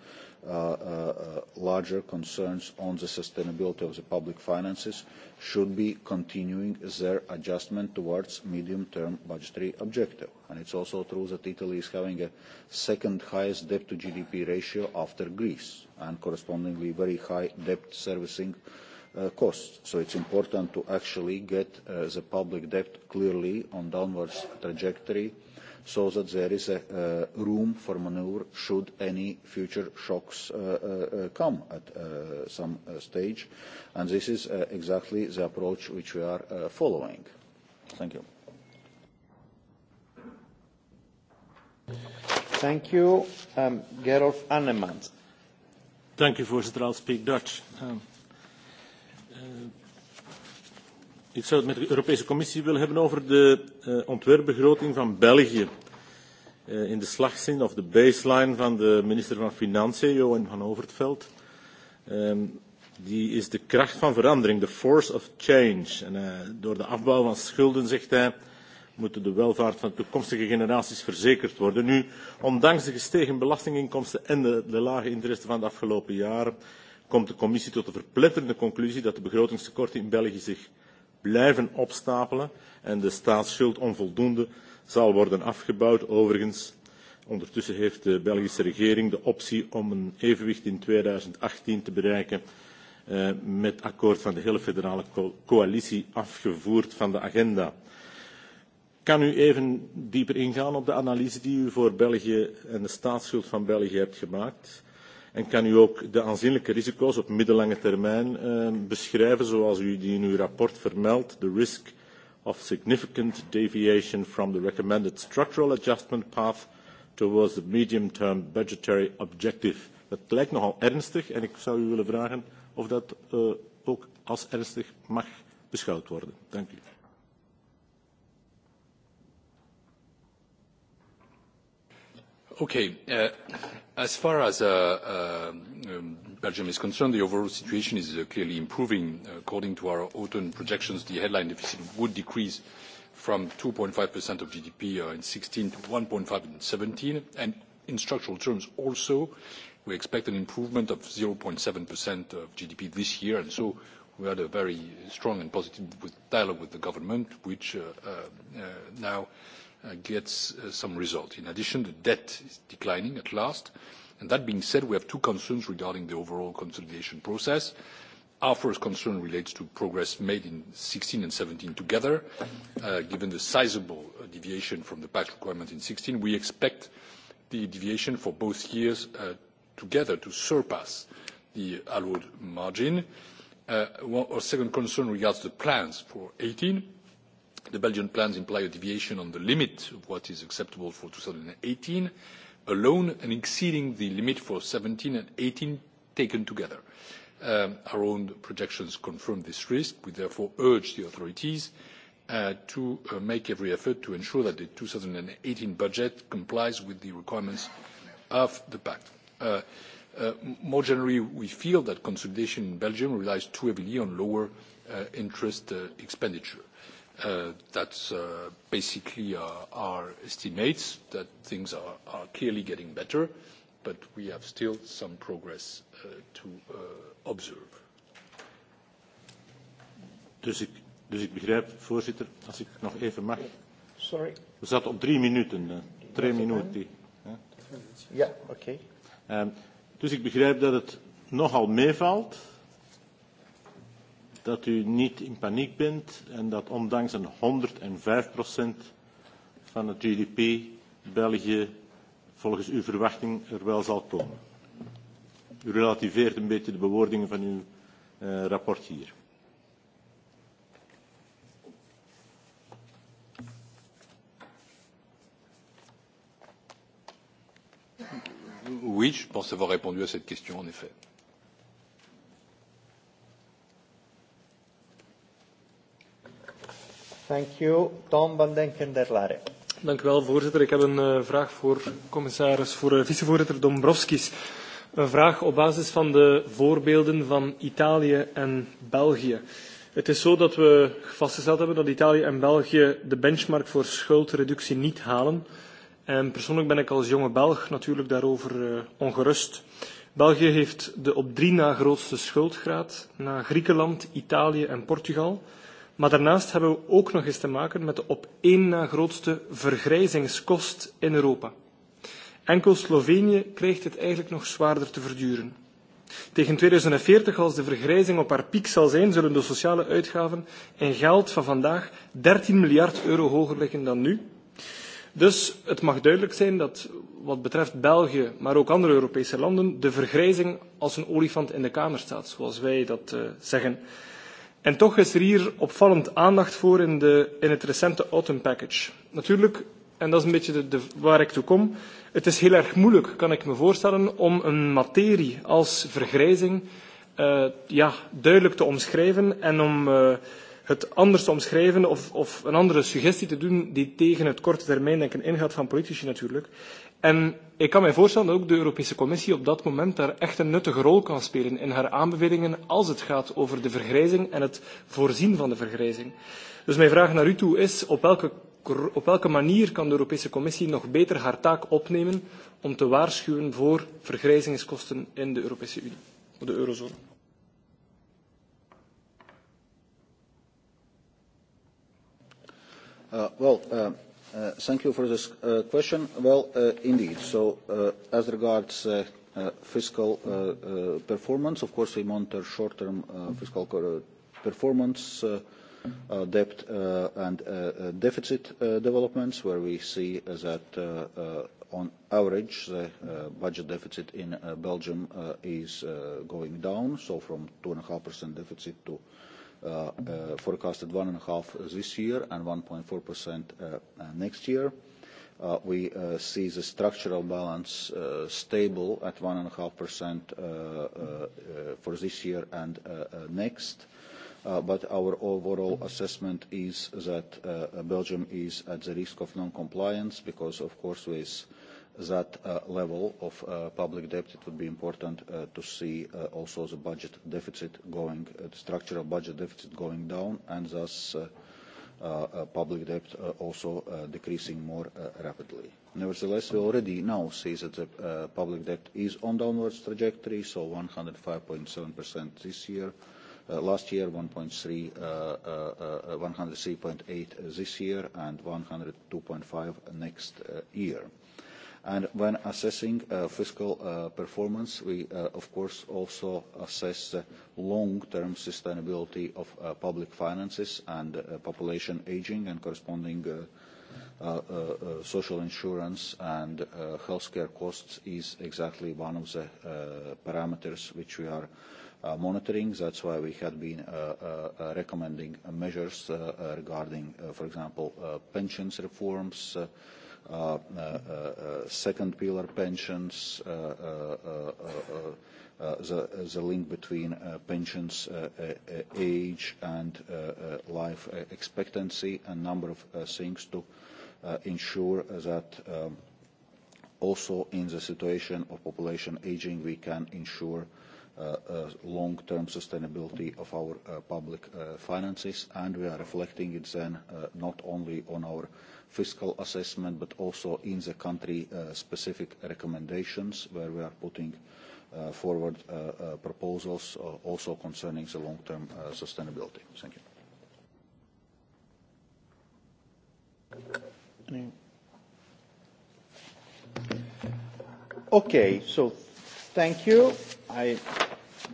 larger concerns on the sustainability of the public finances should be continuing their adjustment towards medium-term budgetary objective. And it's also true that Italy is having a second highest debt-to-GDP ratio after Greece and correspondingly very high debt servicing costs. So it's important to actually get the public debt clearly on downwards trajectory so that there is a room for maneuver should any future shocks come at some stage. And this is exactly the approach which we are following. Thank you. Thank you. Um, Gerolf Annemans. Thank you, voorzitter. I'll speak Dutch. Um, Ik zou het met de Europese Commissie willen hebben over de uh, ontwerpbegroting van België. Uh, in de slagzin of de baseline van de minister van Financiën, Johan van Overtveld. Um, die is de kracht van verandering, de force of change. En, uh, door de afbouw van schulden, zegt hij, moeten de welvaart van toekomstige generaties verzekerd worden. Nu, ondanks de gestegen belastinginkomsten en de, de lage interesse van de afgelopen jaren, komt de commissie tot de verpletterende conclusie dat de begrotingstekorten in België zich blijven opstapelen en de staatsschuld onvoldoende zal worden afgebouwd. Overigens, ondertussen heeft de Belgische regering de optie om een evenwicht in 2018 te bereiken met akkoord van de hele federale coalitie afgevoerd van de agenda. Kan u even dieper ingaan op de analyse die u voor België en de staatsschuld van België hebt gemaakt? En kan u ook de aanzienlijke risico's op middellange termijn beschrijven, zoals u die in uw rapport vermeldt, the risk of significant deviation from the recommended structural adjustment path towards the medium-term budgetary objective. Dat lijkt nogal ernstig en ik zou u willen vragen of dat ook als ernstig mag beschouwd worden. Dank u. Okay. As far as Belgium is concerned, the overall situation is clearly improving. According to our autumn projections, the headline deficit would decrease from 2.5% of GDP in 2016 to 1.5% in 2017. And in structural terms also, we expect an improvement of 0.7% of GDP this year. And so we had a very strong and positive dialogue with the government, which now gets some result. In addition, the debt is declining at last. and That being said, we have two concerns regarding the overall consolidation process. Our first concern relates to progress made in 2016 and 2017 together. Given the sizable deviation from the PACT requirement in 2016, we expect the deviation for both years together to surpass the allowed margin. Our second concern regards the plans for 2018 the belgian plans imply a deviation on the limit of what is acceptable for two thousand and eighteen alone and exceeding the limit for seventeen and eighteen taken together. our own projections confirm this risk. we therefore urge the authorities to make every effort to ensure that the two thousand and eighteen budget complies with the requirements of the pact. more generally we feel that consolidation in belgium relies too heavily on lower interest expenditure. That's basically our estimates that things are clearly getting better, but we have still some progress to observe. Dus ik, begrijp, voorzitter, als ik nog even mag. Sorry. We zaten op drie minuten. Drie minuten. Ja, oké. Dus ik begrijp dat het nogal meevalt dat u niet in paniek bent en dat ondanks een 105 procent van het GDP België volgens uw verwachting er wel zal komen. U relativeert een beetje de bewoordingen van uw eh, rapport hier. Oui, je pense avoir répondu à cette question en effet. Dank u wel, voorzitter. Ik heb een vraag voor commissaris, voor vicevoorzitter Dombrovskis. Een vraag op basis van de voorbeelden van Italië en België. Het is zo dat we vastgesteld hebben dat Italië en België de benchmark voor schuldreductie niet halen. En persoonlijk ben ik als jonge Belg natuurlijk daarover ongerust. België heeft de op drie na grootste schuldgraad na Griekenland, Italië en Portugal. Maar daarnaast hebben we ook nog eens te maken met de op één na grootste vergrijzingskost in Europa. Enkel Slovenië krijgt het eigenlijk nog zwaarder te verduren. Tegen 2040, als de vergrijzing op haar piek zal zijn, zullen de sociale uitgaven in geld van vandaag 13 miljard euro hoger liggen dan nu. Dus het mag duidelijk zijn dat wat betreft België, maar ook andere Europese landen, de vergrijzing als een olifant in de kamer staat, zoals wij dat zeggen. En toch is er hier opvallend aandacht voor in, de, in het recente Autumn Package. Natuurlijk, en dat is een beetje de, de, waar ik toe kom, het is heel erg moeilijk, kan ik me voorstellen, om een materie als vergrijzing uh, ja, duidelijk te omschrijven en om uh, het anders te omschrijven of, of een andere suggestie te doen die tegen het korte termijn denken ingaat van politici natuurlijk. En ik kan mij voorstellen dat ook de Europese Commissie op dat moment daar echt een nuttige rol kan spelen in haar aanbevelingen als het gaat over de vergrijzing en het voorzien van de vergrijzing. Dus mijn vraag naar u toe is, op welke, op welke manier kan de Europese Commissie nog beter haar taak opnemen om te waarschuwen voor vergrijzingskosten in de Europese Unie, of de eurozone? Uh, well, uh... Thank you for this question. Well, indeed. So, as regards fiscal performance, of course, we monitor short-term fiscal performance, debt, and deficit developments, where we see that, on average, the budget deficit in Belgium is going down, so from 2.5% deficit to forecasted 1.5% this year and 1.4% next year. We see the structural balance stable at 1.5% for this year and next. But our overall assessment is that Belgium is at the risk of non-compliance because, of course, with that level of public debt, it would be important to see also the budget deficit going, the structural budget deficit going down, and thus public debt also decreasing more rapidly. Nevertheless, we already now see that the public debt is on downwards trajectory, so 105.7% this year. Last year, 103.8% this year, and 102.5% next year And when assessing fiscal performance, we of course also assess the long-term sustainability of public finances and population ageing and corresponding social insurance and healthcare costs is exactly one of the parameters which we are monitoring. That's why we have been recommending measures regarding, for example, pensions reforms, second pillar pensions, the link between pensions age and life expectancy, a number of things to ensure that also in the situation of population aging, we can ensure long-term sustainability of our public finances, and we are reflecting it then not only on our fiscal assessment, but also in the country-specific recommendations, where we are putting uh forward uh proposals uh also concerning the long-term uh sustainability. Thank you. Okay. so Thank you. I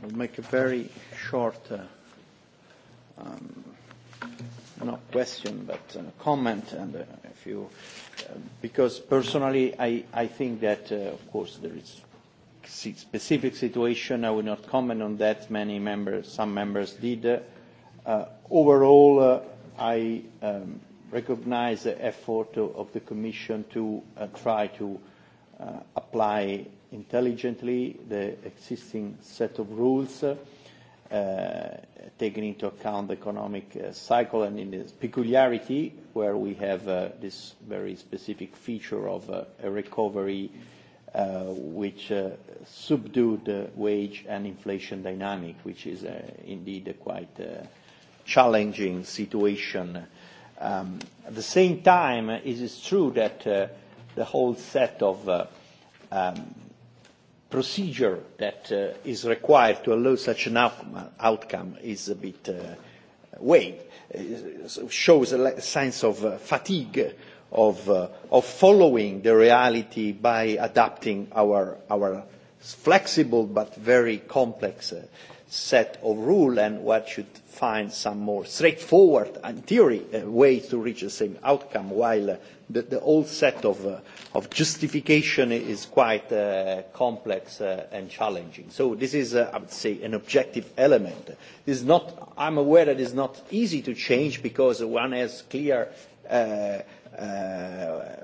will make a very short um not question, but a comment and a few. Because personally, I I think that, of course, there is specific situation. I will not comment on that. Many members, some members did. Overall, I recognize the effort of the Commission to try to apply intelligently the existing set of rules taking into account the economic cycle and in its peculiarity, where we have this very specific feature of a recovery which subdued the wage and inflation dynamic, which is indeed a quite challenging situation. At the same time, it is true that the whole set of procedure that uh, is required to allow such an outcome is a bit uh, vague, it shows a sense of uh, fatigue of, uh, of following the reality by adapting our, our flexible but very complex uh, set of rules and what should find some more straightforward, in theory, uh, way to reach the same outcome, while uh, the, the whole set of, uh, of justification is quite uh, complex uh, and challenging. So this is, uh, I would say, an objective element. This is not, I'm aware that it's not easy to change because one has clear uh, uh,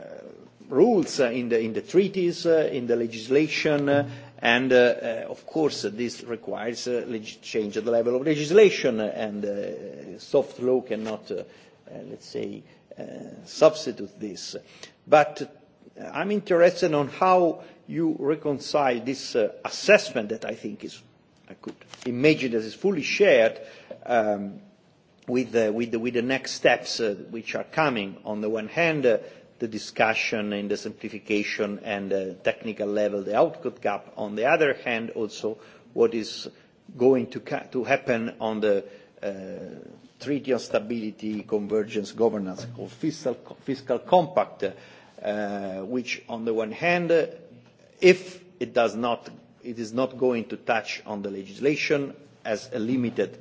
rules in the, in the treaties, uh, in the legislation, uh, And of course, this requires a change at the level of legislation, and soft law cannot, let's say, substitute this. But I'm interested on how you reconcile this assessment that I think is, I could imagine that is fully shared with the next steps which are coming. On the one hand, the discussion in the simplification and the technical level, the output gap. On the other hand, also what is going to happen on the treaty on stability, convergence, governance, or fiscal compact, which on the one hand, if it does not, it is not going to touch on the legislation as a limited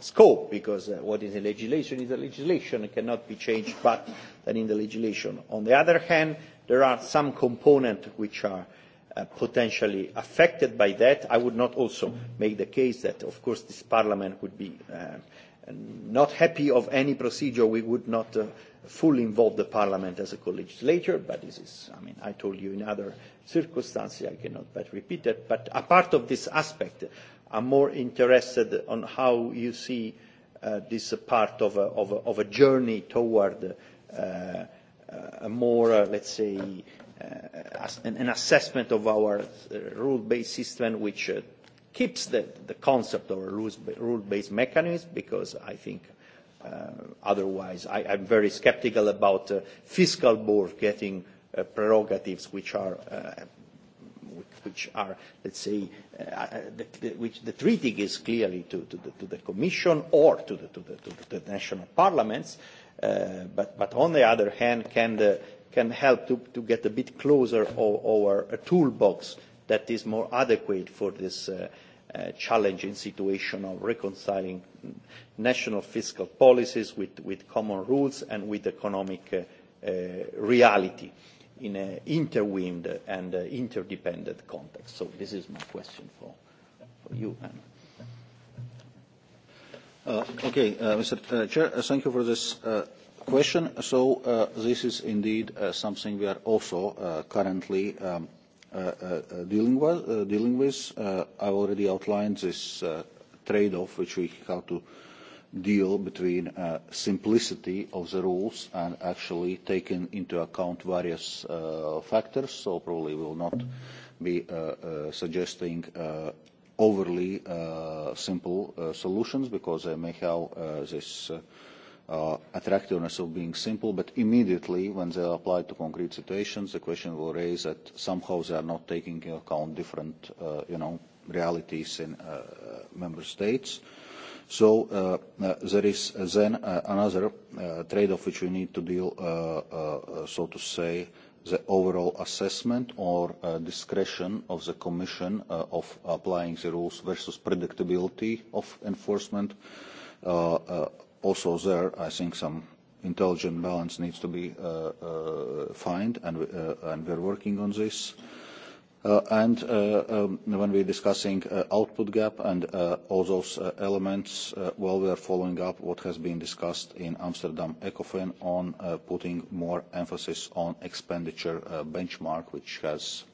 scope because uh, what is a legislation is a legislation it cannot be changed but than in the legislation. On the other hand, there are some components which are uh, potentially affected by that. I would not also make the case that, of course, this Parliament would be uh, not happy of any procedure. We would not uh, fully involve the Parliament as a co-legislator, but this is, I mean, I told you in other circumstances, I cannot but repeat that. But apart of this aspect, I'm more interested on how you see uh, this part of a, of a, of a journey toward uh, a more, uh, let's say, uh, an assessment of our rule-based system, which uh, keeps the, the concept of a rule-based mechanism, because I think uh, otherwise I, I'm very skeptical about uh, fiscal board getting uh, prerogatives which are uh, which are, let's say, uh, the, the, which the treaty gives clearly to, to, the, to the Commission or to the, to the, to the national parliaments, uh, but, but on the other hand can, the, can help to, to get a bit closer or, a toolbox that is more adequate for this uh, uh, challenging situation of reconciling national fiscal policies with, with common rules and with economic uh, uh, reality in an interwined and a interdependent context. So this is my question for, for you, Anna. Uh, okay, uh, Mr. Uh, Chair, uh, thank you for this uh, question. So uh, this is indeed uh, something we are also uh, currently um, uh, uh, dealing with. Uh, dealing with. Uh, I already outlined this uh, trade-off which we have to uh, deal between uh, simplicity of the rules and actually taking into account various uh, factors, so probably will not be uh, uh, suggesting uh, overly uh, simple uh, solutions because they may have uh, this uh, uh, attractiveness of being simple, but immediately when they are applied to concrete situations, the question will raise that somehow they are not taking into account different, uh, you know, realities in uh, member states. Uh, So there is then another trade-off which we need to deal, so to say, the overall assessment or discretion of the Commission of applying the rules versus predictability of enforcement. also there, I think some intelligent balance needs to be found, and, we, are working on this and when we are discussing output gap and all those elements, well, we are following up what has been discussed in Amsterdam Ecofin on putting more emphasis on expenditure benchmark, which has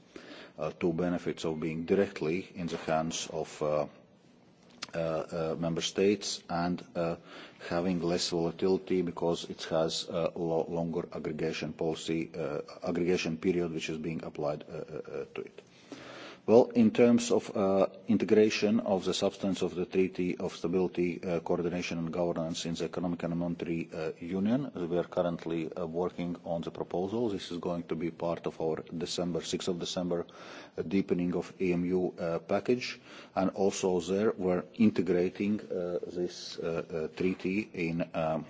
two benefits of being directly in the hands of member states and having less volatility because it has a longer aggregation policy, aggregation period which is being applied to it. Well, in terms of uh, integration of the substance of the Treaty of Stability, uh, Coordination and Governance in the Economic and Monetary uh, Union, we are currently uh, working on the proposal. This is going to be part of our December, 6th of December, uh, deepening of EMU uh, package. And also there, we're integrating uh, this uh, uh, treaty in um,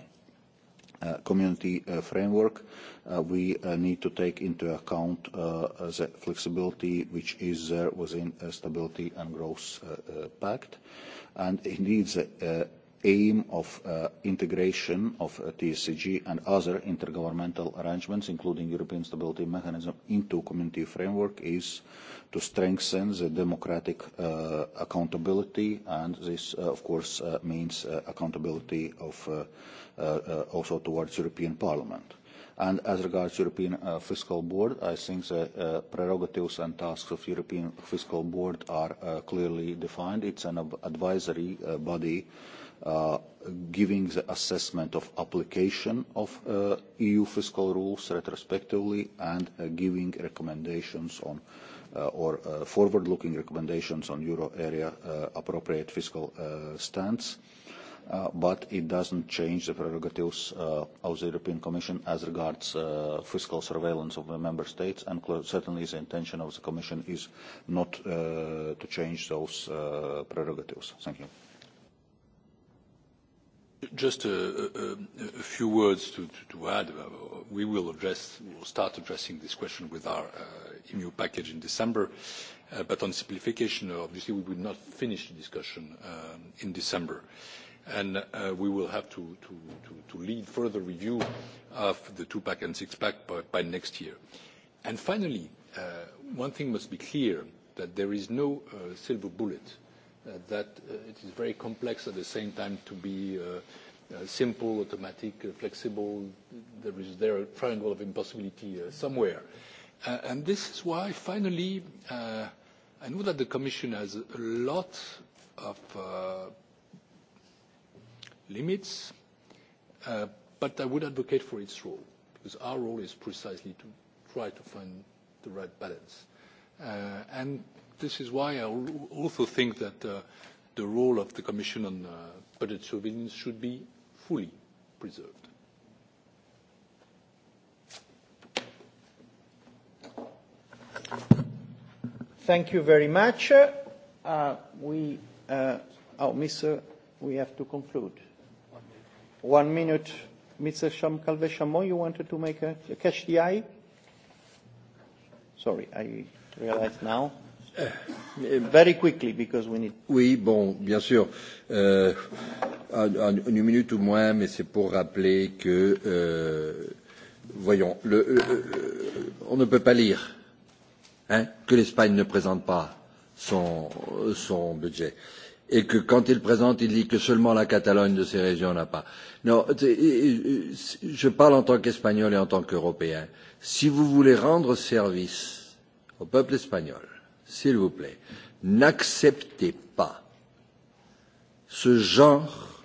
community framework, we need to take into account the flexibility which is there within the Stability and Growth Pact. And indeed, the aim of integration of TSCG and other intergovernmental arrangements, including European Stability Mechanism, into community framework is to strengthen the democratic accountability, and this, of course, means accountability also towards European Parliament. And as regards European uh, Fiscal Board, I think the uh, prerogatives and tasks of European Fiscal Board are uh, clearly defined. It's an advisory uh, body giving the assessment of application of EU fiscal rules retrospectively and giving recommendations on or forward-looking recommendations on euro area appropriate fiscal stance. But it doesn't change the prerogatives of the European Commission as regards fiscal surveillance of the member states, and certainly the intention of the Commission is not to change those prerogatives. Thank you. Just a few words to add. We will address, we'll start addressing this question with our EMU package in December. But on simplification, obviously, we will not finish the discussion in December. And we will have to lead further review of the two-pack and six-pack by next year. And finally, one thing must be clear, that there is no silver bullet that it is very complex at the same time to be simple, automatic, flexible. There is there a triangle of impossibility somewhere. And This is why finally, I know that the Commission has a lot of limits, but I would advocate for its role, because our role is precisely to try to find the right balance. And This is why I also think that the role of the Commission on uh Budget Surveillance should be fully preserved. Thank you very much. Uh, we, uh, oh, Mr. We have to conclude. One minute. Mr. Sham Calvet-Chamon, you wanted to make a, a catch the eye? Sorry, I realize now. Very quickly, because we need... Oui, bon, bien sûr. Euh, en, en une minute ou moins, mais c'est pour rappeler que, euh, voyons, le, euh, on ne peut pas lire hein, que l'Espagne ne présente pas son, son budget. Et que quand il présente, il dit que seulement la Catalogne de ces régions n'a pas. Non, je parle en tant qu'Espagnol et en tant qu'Européen. Si vous voulez rendre service au peuple espagnol, s'il vous plaît, n'acceptez pas ce genre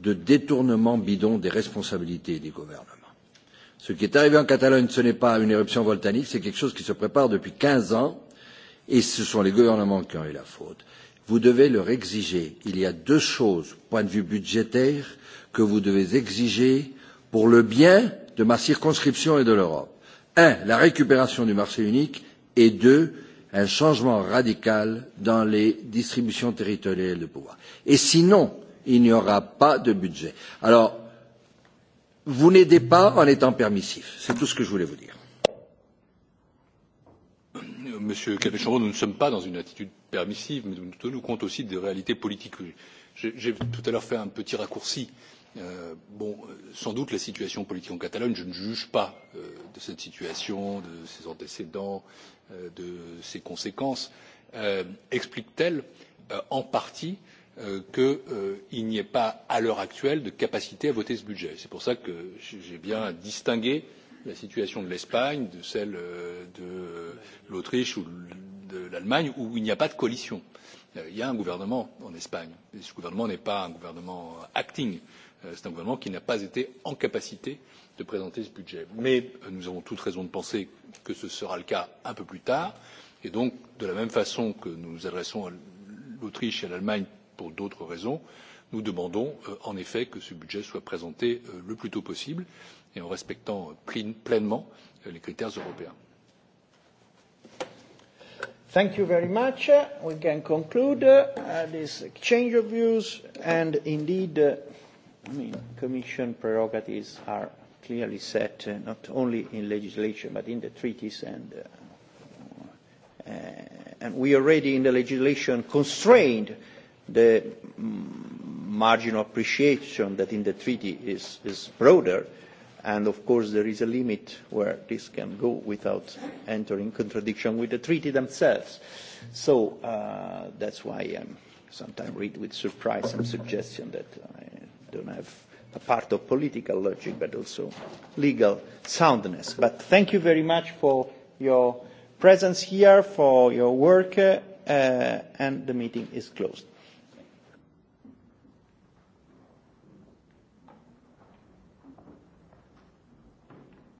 de détournement bidon des responsabilités des gouvernements. Ce qui est arrivé en Catalogne, ce n'est pas une éruption volcanique, c'est quelque chose qui se prépare depuis quinze ans, et ce sont les gouvernements qui ont eu la faute. Vous devez leur exiger. Il y a deux choses, point de vue budgétaire, que vous devez exiger pour le bien de ma circonscription et de l'Europe. Un, la récupération du marché unique, et deux, un changement radical dans les distributions territoriales de pouvoir. sinon, il n'y aura pas de budget. Alors, vous n'aidez pas en étant permissif. C'est tout ce que je voulais vous dire. Monsieur caprichon nous ne sommes pas dans une attitude permissive, mais nous tenons compte aussi des réalités politiques. J'ai tout à l'heure fait un petit raccourci sans doute la situation politique en catalogne je ne juge pas de cette situation de ses antécédents de ses conséquences explique t elle en partie qu'il n'y ait pas à l'heure actuelle de capacité à voter ce budget? c'est pour cela que j'ai bien distingué la situation de l'espagne de celle de l'autriche ou de l'allemagne où il n'y a pas de coalition. il y a un gouvernement en espagne et ce gouvernement n'est pas un gouvernement acting c'est un gouvernement qui n'a pas été en capacité de présenter ce budget mais nous avons toute raison de penser que ce sera le cas un peu plus tard et donc de la même façon que nous nous adressons à l'autriche et à l'allemagne pour d'autres raisons nous demandons en effet que ce budget soit présenté le plus tôt possible et en respectant pleinement les critères européens. Thank you very much. We can conclude this exchange of views and indeed I mean, Commission prerogatives are clearly set uh, not only in legislation but in the treaties and uh, uh, and we already in the legislation constrained the marginal appreciation that in the treaty is, is broader and of course there is a limit where this can go without entering contradiction with the treaty themselves. So uh, that's why I sometimes read with surprise some suggestion that I don't have a part of political logic, but also legal soundness. But thank you very much for your presence here, for your work, uh, and the meeting is closed.